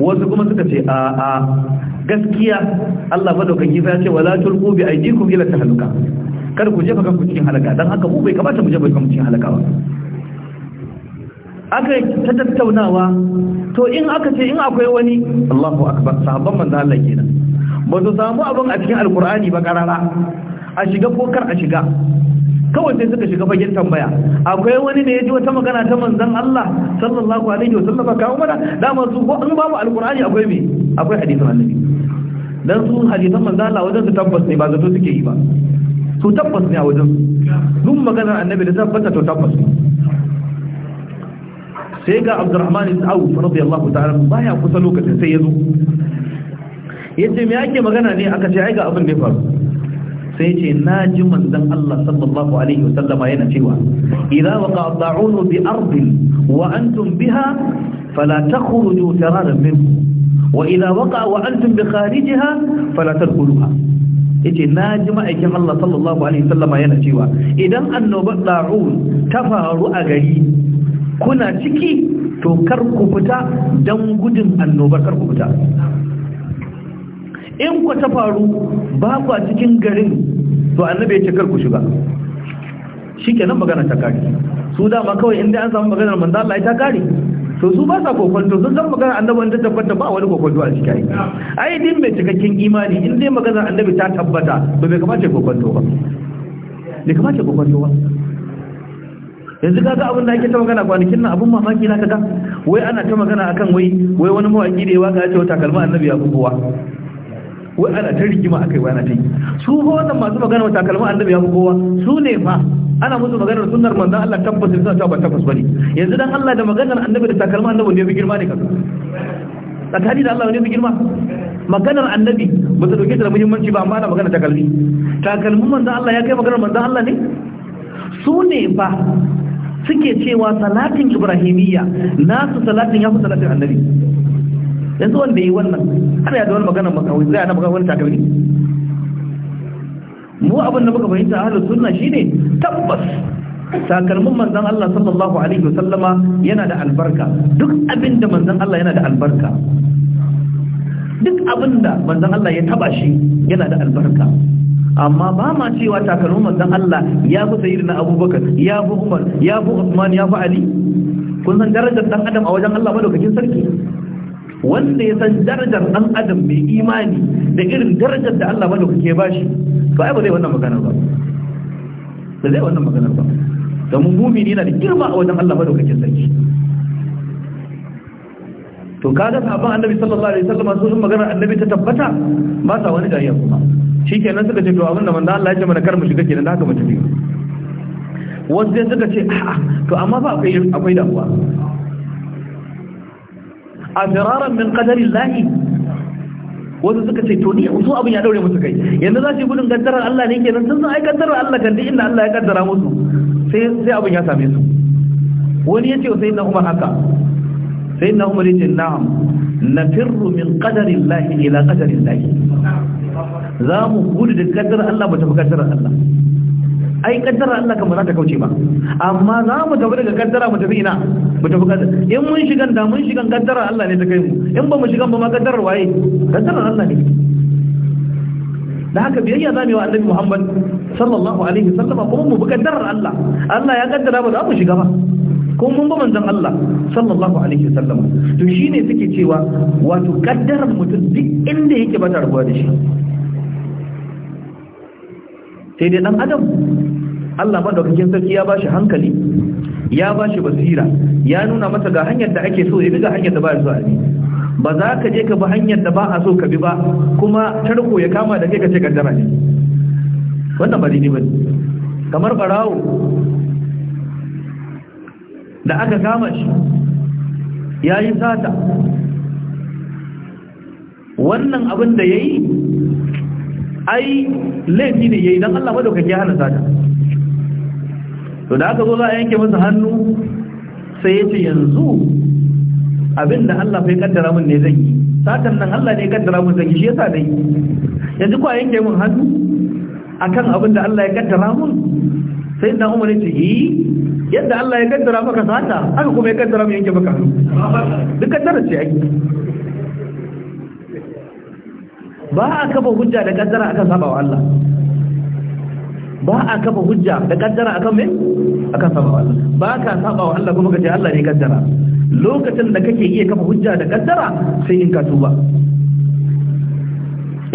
wasu kuma suka ce a a gaskiya Allah madaukaki ya ce wala tulqu bi aydikum ila tahluka kar ku jefa kanku cikin halaka dan haka mu bai kamata mu jefa kanku cikin halaka ba aka ta tattaunawa to in aka ce in akwai wani Allahu akbar sahabban manzo Allah kenan ba su samu abin a cikin alkur'ani ba karara a shiga ko kar a shiga kawai sai suka shiga fagen tambaya akwai wani da ya ji wata magana ta manzon Allah sallallahu alaihi wasallam kawo mana ma su ko an babu alkur'ani akwai me akwai hadisin annabi dan su hadisan manzon Allah wajen su tabbas ne ba zato suke yi ba su tabbas ne a wajen duk maganar annabi da tabbata to tabbas sai ga abdurrahman ibn auf radiyallahu ta'ala baya kusa lokacin sai yazo yace me ake magana ne aka ce ai ga abin da ya faru sai yace naji manzon Allah sallallahu alaihi wasallam yana cewa idza waqa ta'unu bi ardin wa antum biha fala takhruju taradan minhu wa idza waqa wa antum bi kharijiha fala tadkhuluha yace na ji ma'aikin Allah sallallahu alaihi wasallama yana cewa idan annobar da'un ta faru a gari kuna ciki to kar ku fita don gudun annobar kar ku fita in ku ta faru ba ku a cikin garin to annabi ya ce kar ku shiga shikenan magana ta kare su dama kawai inda an samu maganar manzo Allah ta kare to su ba sa kokonto sun san magana annabi wanda tabbata ba wani kokonto a cikin ai ai din mai cikakken imani in dai maganar annabi ta tabbata to bai kamata kokonto ba ne kamace kokonto ba yanzu ga abin da ake ta magana kwanakin nan abin mamaki na kaga wai ana ta magana akan wai wai wani mawaki da ya waka ya ce wa takalma annabi ya kowa wai ana ta rigima akai wai ana ta yi su ba wannan masu magana wa takalma annabi ya kowa su ne fa ana musu maganar sunnar manzon Allah tabbas suna cewa ba tabbas bane yanzu dan Allah da maganar annabi da takalma annabi ne ya fi girma ne kaga tsakani da Allah ne ya fi girma maganar annabi ba ta dauke ta da muhimmanci ba amma ana magana takalmi takalmin manzon Allah ya kai maganar manzon Allah ne su ne fa suke cewa salatin ibrahimiyya nasu salatin ya fi salatin annabi yanzu wanda yi wannan ana yada wani magana makawai zai ana magana wani takalmi mu abin da muka fahimta ahlus sunna ne tabbas Sakalmin Manzan Allah sallallahu alaihi wasallama yana da albarka duk abin da manzon Allah yana da albarka duk abin da manzon Allah ya taba shi yana da albarka amma ba ma cewa takalmin manzon Allah ya fi sayyidina Abubakar ya fi Umar ya fi Usman ya fi Ali kun san darajar dan adam a wajen Allah madaukakin sarki wanda ya san darajar dan adam mai imani da irin darajar da Allah madaukake ya bashi ai ba zai wannan magana ba ba zai wannan magana ba domin mumini yana da girma a wajen Allah madaukakin sarki to kaga sabon annabi sallallahu alaihi wasallam sun magana annabi ta tabbata ba sa wani dariya kuma shikenan suka ce to abinda manzo Allah ya ce mana kar mu shiga kenan da haka mu tafi wasu sai suka ce a'a to amma ba akwai akwai damuwa a firaran min qadari lahi wasu suka ce to ni su abin ya daure musu kai yanzu za su yi gudun kaddarar Allah ne kenan sun san ai kaddarar Allah kan duk inda Allah ya kaddara musu sai sai abin ya same su wani ya ce sai na Umar haka sai na Umar ya ce na'am nafirru min qadari lahi ila qadari lahi za mu gudu da kaddar Allah ba ta fi kaddar Allah ai kaddar Allah kan ba za ta kauce ba amma za mu tafi daga kaddara mu tafi ina mu tafi kaddar in mun shigan da mun shigan kaddar Allah ne ta kai mu in ba mu shigan ba ma kaddar waye kaddar Allah ne da haka biyayya za mu yi wa Annabi Muhammad sallallahu alaihi wasallam kuma mu bi kaddar Allah Allah ya kaddara ba za mu shiga ba ko mun ga manzon Allah sallallahu alaihi wasallam to shine suke cewa wato kaddarar mutum duk inda yake bata ta da shi sai dai dan adam Allah madaukakin sarki ya bashi hankali ya bashi basira ya nuna masa ga hanyar da ake so ya bi ga hanyar da ba ya so a bi ba za ka je ka bi hanyar da ba a so ka bi ba kuma tarko ya kama da kai ka ce kaddara ne wannan ba daidai ba kamar barawo da aka kama shi ya yi sata wannan abin da ya yi ai laifi ne ya yi don allah da ya hana sata to da aka zo za a yanke masa hannu sai ya ce yanzu abin da allah fai kaddara mun ne zai yi satan nan allah ne ya kaddara mun zai yi shi yasa dai yanzu kuwa yanke min hannu akan abin da allah ya kaddara mun sai na umar ce yi yadda Allah ya kaddara maka sata aka kuma ya kaddara mai yanke maka duk kaddara ce ai ba a kafa hujja da kaddara akan saba wa Allah ba a kafa hujja da kaddara akan mai akan saba wa Allah ba ka saba wa Allah kuma kace Allah ne kaddara lokacin da kake iya kafa hujja da kaddara sai in ka tuba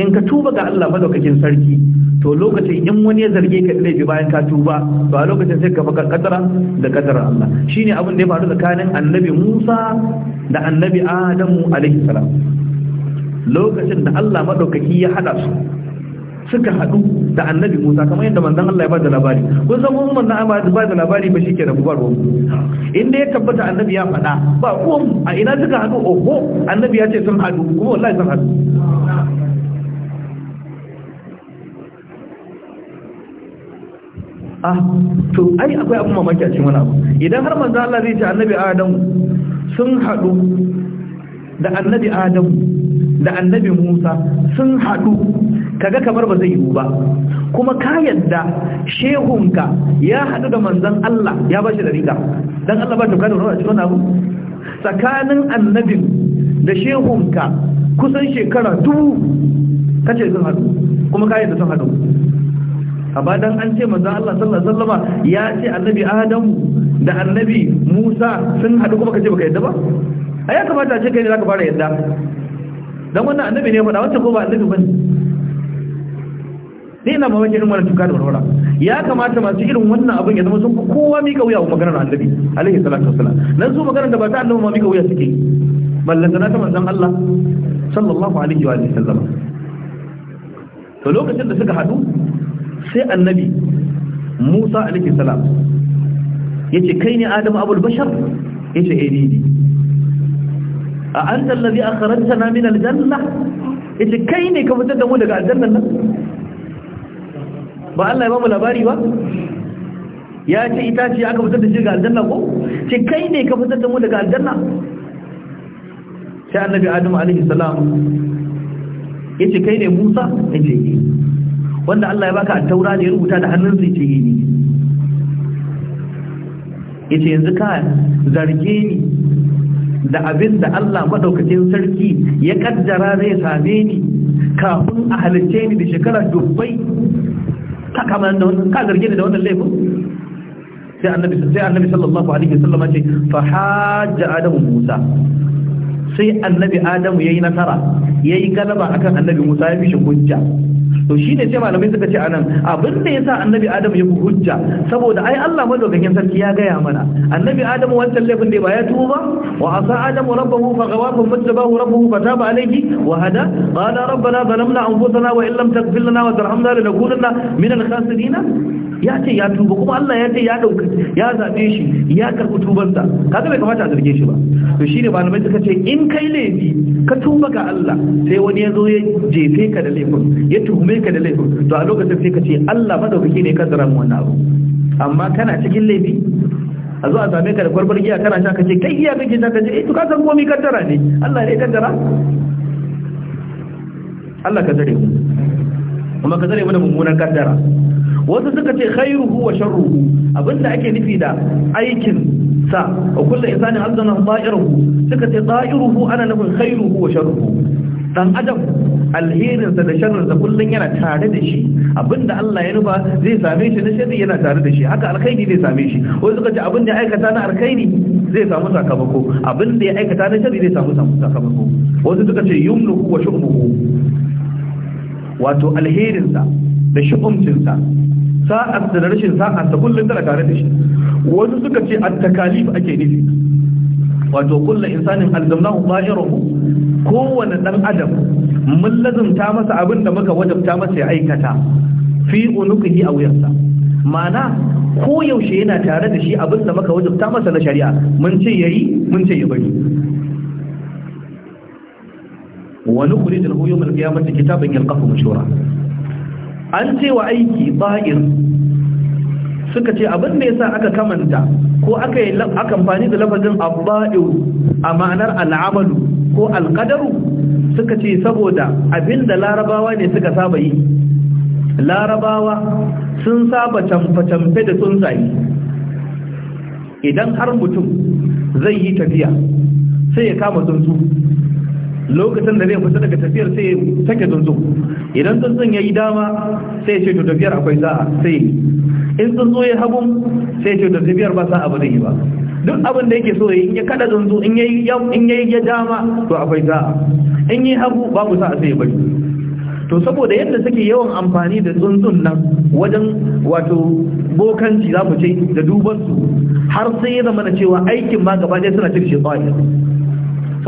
in ka tuba ga Allah madaukakin sarki to lokacin in wani ya zarge ka da laifi bayan ka tuba to a lokacin sai ka baka kadara da kadara Allah shine abin da ya faru tsakanin annabi Musa da annabi Adamu alaihi salam lokacin da Allah madaukaki ya hada su suka hadu da annabi Musa kamar yadda manzon Allah ya bada labari ko san mun manzon Allah ya bada labari ba shike da bubarwa inda ya tabbata annabi ya faɗa ba ko a ina suka hadu oho annabi ya ce sun hadu kuma wallahi sun hadu ah to ai akwai abin mamaki a cikin wani abu idan har manzo Allah zai ce annabi Adam sun hadu da annabi Adam da annabi Musa sun hadu kaga kamar ba zai yiwu ba kuma ka yadda shehunka ya hadu da manzon Allah ya bashi da riga dan Allah ba to da ruwa cikin abu tsakanin annabin da shehunka kusan shekara dubu kace sun hadu kuma ka yadda sun hadu amma dan an ce manzon Allah sallallahu alaihi ya ce annabi Adam da annabi Musa sun hadu kuma kace baka yadda ba A ya kamata ce kai ne zaka fara yadda dan wannan annabi ne faɗa wacce ko ba annabi bane ne ina mamaki irin wannan tuka da warwara ya kamata masu irin wannan abin ya zama sun fi kowa mika wuya wa maganar annabi alaihi salatu wassalam nan su maganar da ba ta annabi ma mika wuya suke ballantana ta manzon Allah sallallahu alaihi wa sallam to lokacin da suka hadu sai annabi musa alaihi salam ce kai ne adamu abul bashar yace eh ni a anta allazi akhrajtana min aljanna ce kai ne ka fitar da mu daga aljannan nan ba Allah ya ba labari ba ya ce ita ce aka fitar da shi ga aljanna ko ce kai ne ka fitar da mu daga aljanna sai annabi adamu alaihi salam ce kai ne musa yace eh wanda Allah ya baka taura da ya rubuta da hannun zai ce ni yace yanzu ka zarge ni da abin da Allah madaukakin sarki ya kaddara zai same ni kafin a halicce ni da shekara dubbai ka kama da wannan ka zarge ni da wannan laifin sai annabi sai annabi sallallahu alaihi wasallam ce fa hajja adamu musa sai annabi adamu yayi nasara yayi galaba akan annabi musa ya fi shi hujja to shi ne sai malamai suka ce a nan abin da ya sa annabi adam ya hujja saboda ai Allah madaukakin sarki ya gaya mana annabi adam wancan laifin da ba ya tuba wa asa adam rabbahu fa gawa fa muttabahu rabbuhu fa taba alayhi wa hada qala rabbana zalamna anfusana wa illam taghfir lana wa tarhamna lanakunanna min al-khasirin ya ce ya tuba kuma Allah ya ce ya dauka ya zabe shi ya karbi tubarsa kaga bai kamata a zarge shi ba to shi ne malamai suka ce in kai laifi ka tuba ga Allah sai wani ya zo ya jefe ka da laifin ya tuhume ka da laifin to a lokacin sai ka ce Allah madaukaki ne kaddara mu wannan abu amma kana cikin laifi a zo a same ka da kwarbar giya kana sha ka ce kai iya kake sha ka ce eh to ka san komai kaddara ne Allah ne kaddara Allah ka tsare mu kuma ka tsare mu da mummunan kaddara wasu suka ce khairuhu wa sharruhu abinda ake nufi da aikin sa wa kullu insanin azana da'iruhu suka ce da'iruhu ana nufin khairuhu wa sharruhu dan adam alherinsa da sharrinsa kullum yana tare da shi abinda Allah ya nufa zai same shi na sharri yana tare da shi haka alkhairi zai same shi wai suka ce abinda ya aikata na alkhairi zai samu sakamako abinda ya aikata na sharri zai samu sakamako wasu suka ce yumnuhu wa shu'muhu wato alherinsa da shu'umcinsa sa'ar da rashin sa'ar ta kullum tana tare da shi wasu suka ce at-takalif ake nufi wato kullu insanin alzamnahu ta'irahu kowanne dan adam mun lazumta masa abinda muka wajabta masa ya aikata fi unukihi a wuyarsa mana ko yaushe yana tare da shi abinda muka wajabta masa na shari'a mun ce yayi mun ce ya bari wa nukhrij lahu yawm al-qiyamati kitaban yalqahu mashura an ce wa aiki ba'ir suka ce abin da yasa aka kamanta ko aka yi aka amfani da lafazin abba'u a ma'anar al'amalu ko alqadaru suka ce saboda abin da larabawa ne suka saba yi larabawa sun saba camfe-camfe da tsuntsaye idan har mutum zai yi tafiya sai ya kama tsuntsu lokacin da zai fita daga tafiyar sai sake tsuntsu idan tsuntsun ya yi dama sai ce to tafiyar akwai sa'a sai in tsuntsu ya hagu sai ce to tafiyar ba sa'a ba zai yi ba duk abin da yake so ya in ya kada tsuntsu in ya yi ya dama to akwai sa'a in yi hagu babu sa'a sai ya bari to saboda yadda suke yawan amfani da tsuntsun nan wajen wato bokanci za mu ce da dubansu har sai ya zama da cewa aikin ma gaba ɗaya suna cin shi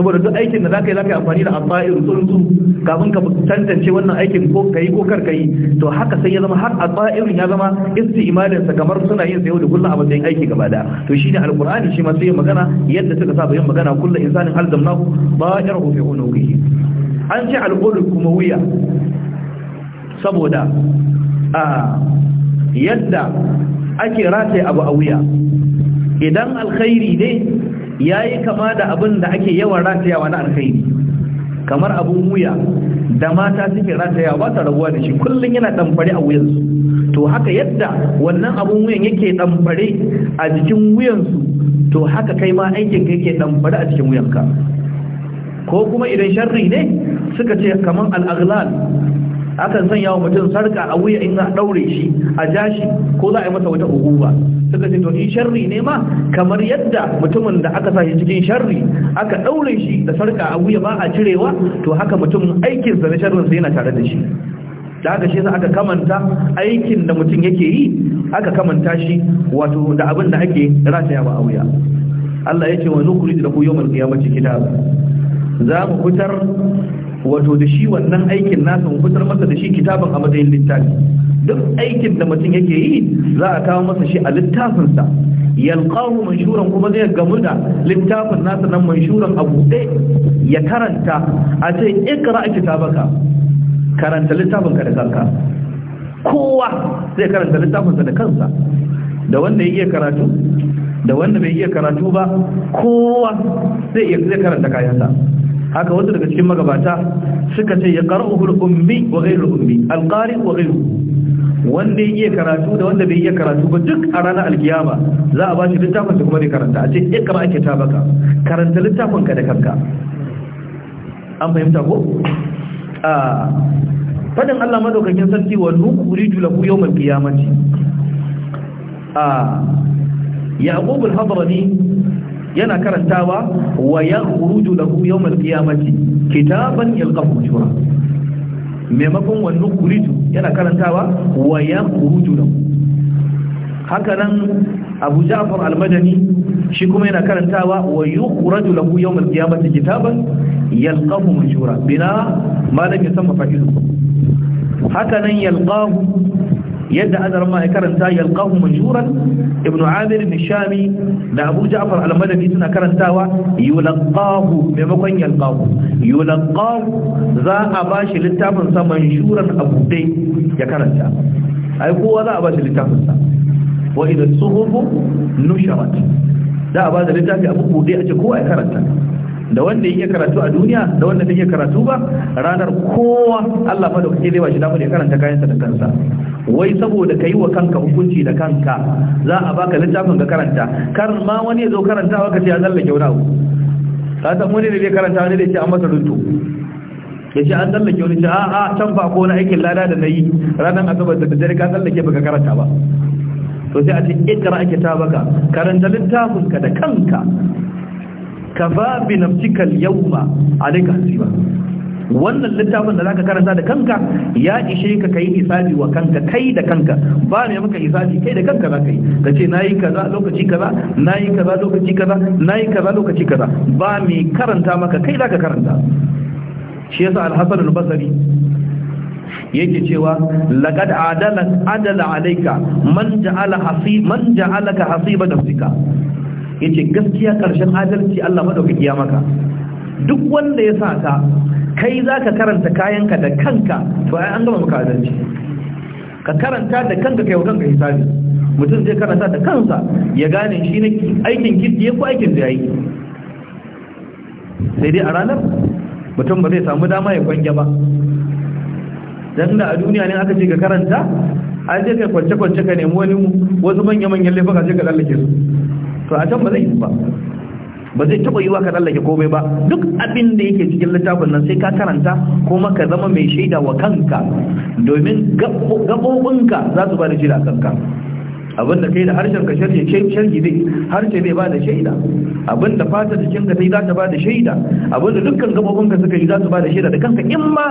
saboda duk aikin da za ka yi za ka yi amfani da asa'ir tsuntsu kafin ka tantance wannan aikin ko ka yi ko kar ka yi to haka sai ya zama har asa'irin ya zama isti'malin imaninsa kamar suna yin sayo da kullum a matsayin aiki gaba da to shine alkur'ani shi ma sai ya magana yadda suka saba yin magana kullu insanin alzamnahu ba'irahu fi unuqihi an ce alqulub kuma wuya saboda a yadda ake rataye abu a wuya idan alkhairi ne ya yi kama da abin da ake yawan ratayawa na alkhairi kamar abin wuya da mata suke ratayawa ba ta rabuwa da shi kullum yana ɗamfare a wuyansu to haka yadda wannan abin wuyan yake ɗamfare a jikin wuyansu to haka kai ma aikin ka yake ɗamfare a cikin wuyanka ko kuma idan sharri ne suka ce kamar al'aglal akan sanya wa mutum sarka a wuya in a ɗaure shi a jashi ko za a yi masa wata hukuma suka ce to in sharri ne ma kamar yadda mutumin da aka sa shi cikin sharri aka ɗaure shi da sarka a wuya ba a cirewa to haka mutum aikin sa na sharrin sa yana tare da shi da aka shi sa aka kamanta aikin da mutum yake yi aka kamanta shi wato da abin da ake rataya a wuya Allah ya ce wa nukhrij lahu yawmal qiyamati kitaba za mu fitar wato da shi wannan aikin nasa mu fitar masa da shi kitabin a matsayin littafi duk aikin da mutum yake yi za a kawo masa shi a littafinsa yalqahu manshuran kuma zai gamu da littafin nasa nan manshuran a bude ya karanta a ce ikra kitabaka karanta littafinka da kanka kowa zai karanta littafinsa da kansa da wanda ya karatu da wanda bai iya karatu ba kowa zai iya karanta kayansa haka wasu daga cikin magabata suka ce ya qara'ul ummi wa ghayrul ummi alqari wa ghayruhu wanda yake karatu da wanda bai iya karatu ba duk a ranar alkiyama za a bashi littafin da kuma bai karanta a ce ikra ake tabaka karanta littafin ka da kanka an fahimta ko a fadin Allah madaukakin sarki wa nuridu lahu yawmal qiyamati a yaqub al-hadrami yana karantawa wa yakhruju yau yawm ya qiyamati kitaban yalqahu majura maimakon wannan nukhriju yana karantawa wa yakhruju lahu haka nan Abu Ja'far al-Madani shi kuma yana karantawa wa yukhraju yau yawm ya qiyamati kitaban yalqahu majura bina ma lam yusamma fa'iluhu haka nan yadda azar ma ya karanta yalqahu manjuran ibnu amir bin shami da abu ja'far al-madani suna karantawa yulqahu maimakon yalqahu yulqahu za a bashi littafin sa manjuran abu dai ya karanta ai kowa za a bashi littafin sa wa idan suhufu nusharat za a ba da littafi abu dai a ce kowa ya karanta da wanda yake karatu a duniya da wanda yake karatu ba ranar kowa Allah fa da kake zai bashi damar ya karanta kayansa da kansa wai saboda kai wa kanka hukunci da kanka za a baka littafin ga karanta kar ma wani ya zo karanta ka ce ya tsallake wani abu ka san wani ne zai karanta wani da ce an masa rutu ya ce an tsallake wani ce a a can ba ko na aikin lada da na yi ranar asabar da dare ka tsallake baka karanta ba to sai a ce ta baka. karanta littafin ka da kanka kafa bi nafsika al-yawma alayka hasiba wannan littafin da zaka karanta da kanka ya ishe ka kai hisabi wa kanka kai da kanka ba ne maka hisabi kai da kanka zaka yi kace nayi kaza lokaci kaza nayi kaza lokaci kaza nayi kaza lokaci kaza ba mai karanta maka kai zaka karanta shi yasa al-hasan al-basri yake cewa laqad adala adala alayka man ja'ala hasi man ja'alaka hasiba nafsika yace gaskiya karshen adalci Allah madaukaki ya maka duk wanda ya sa ka kai zaka karanta kayanka da kanka to ai an gama maka adalci ka karanta da kanka kai kanka hisabi mutum zai karanta da kansa ya gane shi ne aikin kirki ya ko aikin zai yi sai dai a ranar mutum ba zai samu dama ya kwanke ba dan da a duniya ne aka ce ka karanta a je kai kwance-kwance ka nemi wani wasu manya-manyan laifuka sai ka lalace su to a can ba zai yi ba ba zai taɓa yiwa ka tsallake komai ba duk abin da yake cikin littafin nan sai ka karanta kuma ka zama mai shaida wa kanka domin gaɓoɓinka za su ba da kanka abinda kai da harshen ka sharhi ce sharhi zai harshe zai ba da shaida abinda fata da cinka sai za ta ba da shaida abinda dukkan gabobin ka suka yi za su ba da shaida da kanka in ma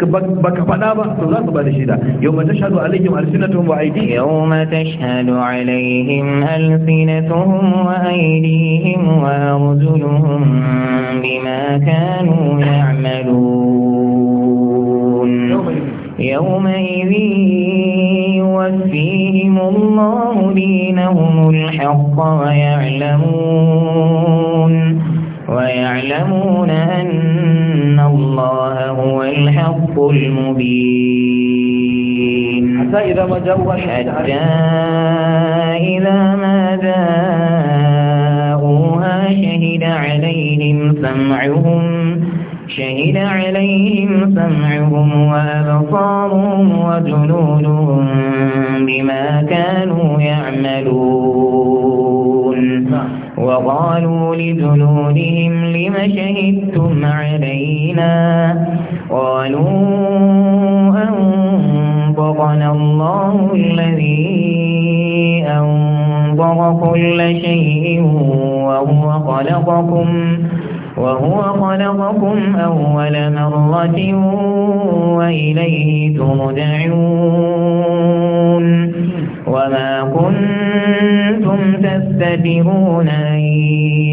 baka faɗa ba to za su ba da shaida yau ma tashhadu alaihim alsinatuhum wa aydihim yau ma tashhadu alaihim alsinatuhum wa aydihim wa arjuluhum bima kanu ya'malun yawma idhin يوفيهم الله دينهم الحق ويعلمون ويعلمون أن الله هو الحق المبين حتى إذا ما جاءوها شهد عليهم سمعهم شهد عليهم سمعهم وأبصارهم وجنودهم بما كانوا يعملون وقالوا لجنودهم لم شهدتم علينا قالوا أنطقنا الله الذي أنطق كل شيء وهو خلقكم وهو خلقكم أول مرة وإليه ترجعون وما كنتم تستدرون أن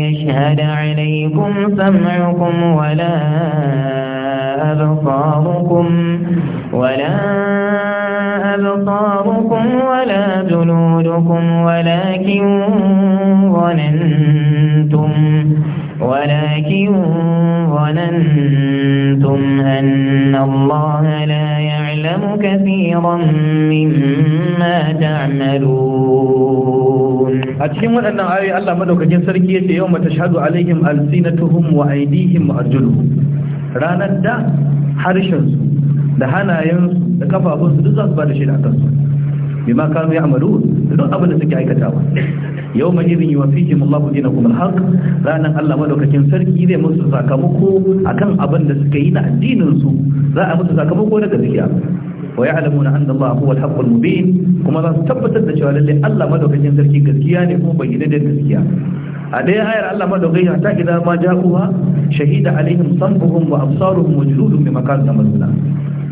يشهد عليكم سمعكم ولا أبصاركم ولا أبصاركم ولا جنودكم ولكن ظننتم ولكن ظننتم أن الله لا يعلم كثيرا مما تعملون أتحيم أن آية الله ملوك جن سركية يوم تشهد عليهم ألسنتهم وأيديهم وأرجلهم رانت دا حرشن دهانا ينس لكفى أبوس دزاز بارشين عطاس بما كانوا يعملون لن أبدا سكي عيكتاوا yau ma izin yiwa fi jim Allah dina kuma haq ranar Allah madaukakin sarki zai musu sakamako akan abin da suka yi na addinin su za a musu sakamako na gaskiya wa ya'lamuna anna Allah huwa mu bi mubin kuma za su tabbatar da cewa lallai Allah madaukakin sarki gaskiya ne kuma bayyana da gaskiya a ɗaya ayar Allah madaukakin ta idan ma ja'uha shahida alaihim sam'uhum wa absaruhum wa juluduhum bima kanu yamaluna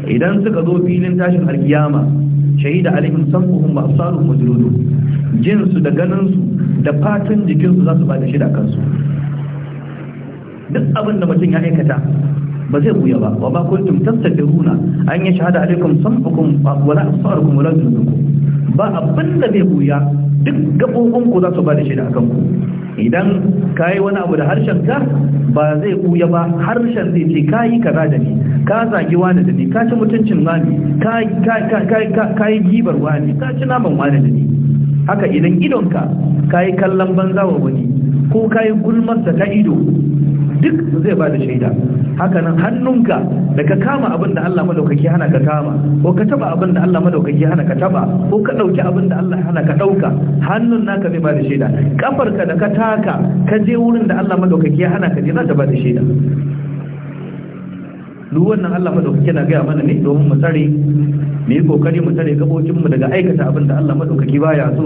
idan suka zo filin tashin alkiyama shahida alaihim sanquhum wa absaruhum wa jin su da ganin su da fatan jikin su za su bada shida kansu duk abin da mutum ya aikata ba zai buya ba wa ba kuntum tastadiruna an ya shahada alaikum sanquhum wa la absarukum wa la ba abin da zai buya duk gabobin ku za su bada shida kanku idan ka yi wani abu da harshen ka ba zai buya ba harshen zai ce ka yi kaza da ni ka zagi wani da ni ka ci mutuncin wani ka yi gibar wani ka ci naman wani da ni haka idan idonka ka yi kallon banza wa wani ko ka yi da ta ido duk zai ba da shaida Hakanan nan hannunka da ka kama abin da Allah madaukaki hana ka kama ko ka taba abin da Allah madaukaki hana ka taba ko ka dauki abin da Allah hana ka dauka hannun naka zai ba da shaida kafarka da ka taka ka je wurin da Allah madaukaki hana ka je za ta ba da shaida duk wannan Allah madaukaki na gaya mana ne domin mu tsare mu yi kokari mu tare gabocin mu daga aikata abin da Allah madaukaki baya so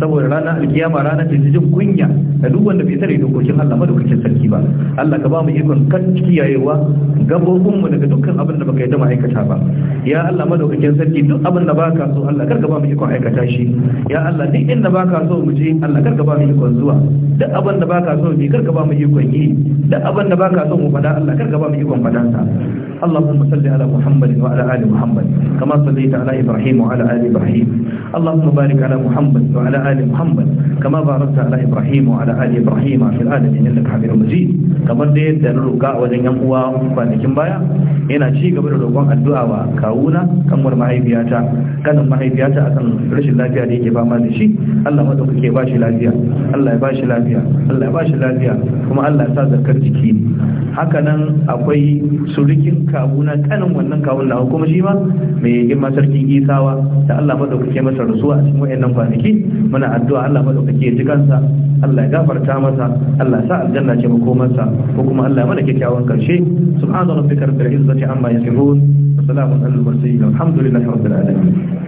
saboda ranar alkiyama ranar da jin kunya da duk wanda bai tare dokokin Allah madaukakin sarki ba Allah ka ba mu ikon kan kiyayewa gabobin mu daga dukkan abin da baka yi da aikata ba ya Allah madaukakin sarki duk abin da baka so Allah karka ba mu ikon aikata shi ya Allah duk inda baka so mu je Allah karka ba mu ikon zuwa duk abin da baka so mu karka ba mu ikon yi duk abin da baka so mu faɗa Allah karka ba mu ikon faɗansa اللهم صل على محمد وعلى آل محمد كما صليت على إبراهيم وعلى آل إبراهيم اللهم بارك على محمد وعلى آل محمد كما باركت على إبراهيم وعلى آل إبراهيم في العالمين da حميد مجيد كما ديت da roƙa a wajen yan uwa kwanakin baya ina ci gaba da roƙon addu'a wa kawuna kanwar mahaifiyata kanin mahaifiyata akan rashin lafiya da yake fama da shi Allah madaukake ba shi lafiya Allah ya ba shi lafiya Allah bashi lafiya kuma Allah ya sa zakar jiki haka nan akwai surukin kawuna kanin wannan kawun nawa kuma shi ma mai girma sarki Isawa da Allah madaukake masa masa rasuwa a cikin wayannan kwanaki muna addu'a Allah madaukake ya ji kansa Allah ya gafarta masa Allah ya sa aljanna ce makomarsa ko kuma Allah ya mana kyakkyawan karshe subhanallahi rabbika rabbil izzati amma yasifun wa salamun alal mursalin alhamdulillahi rabbil alamin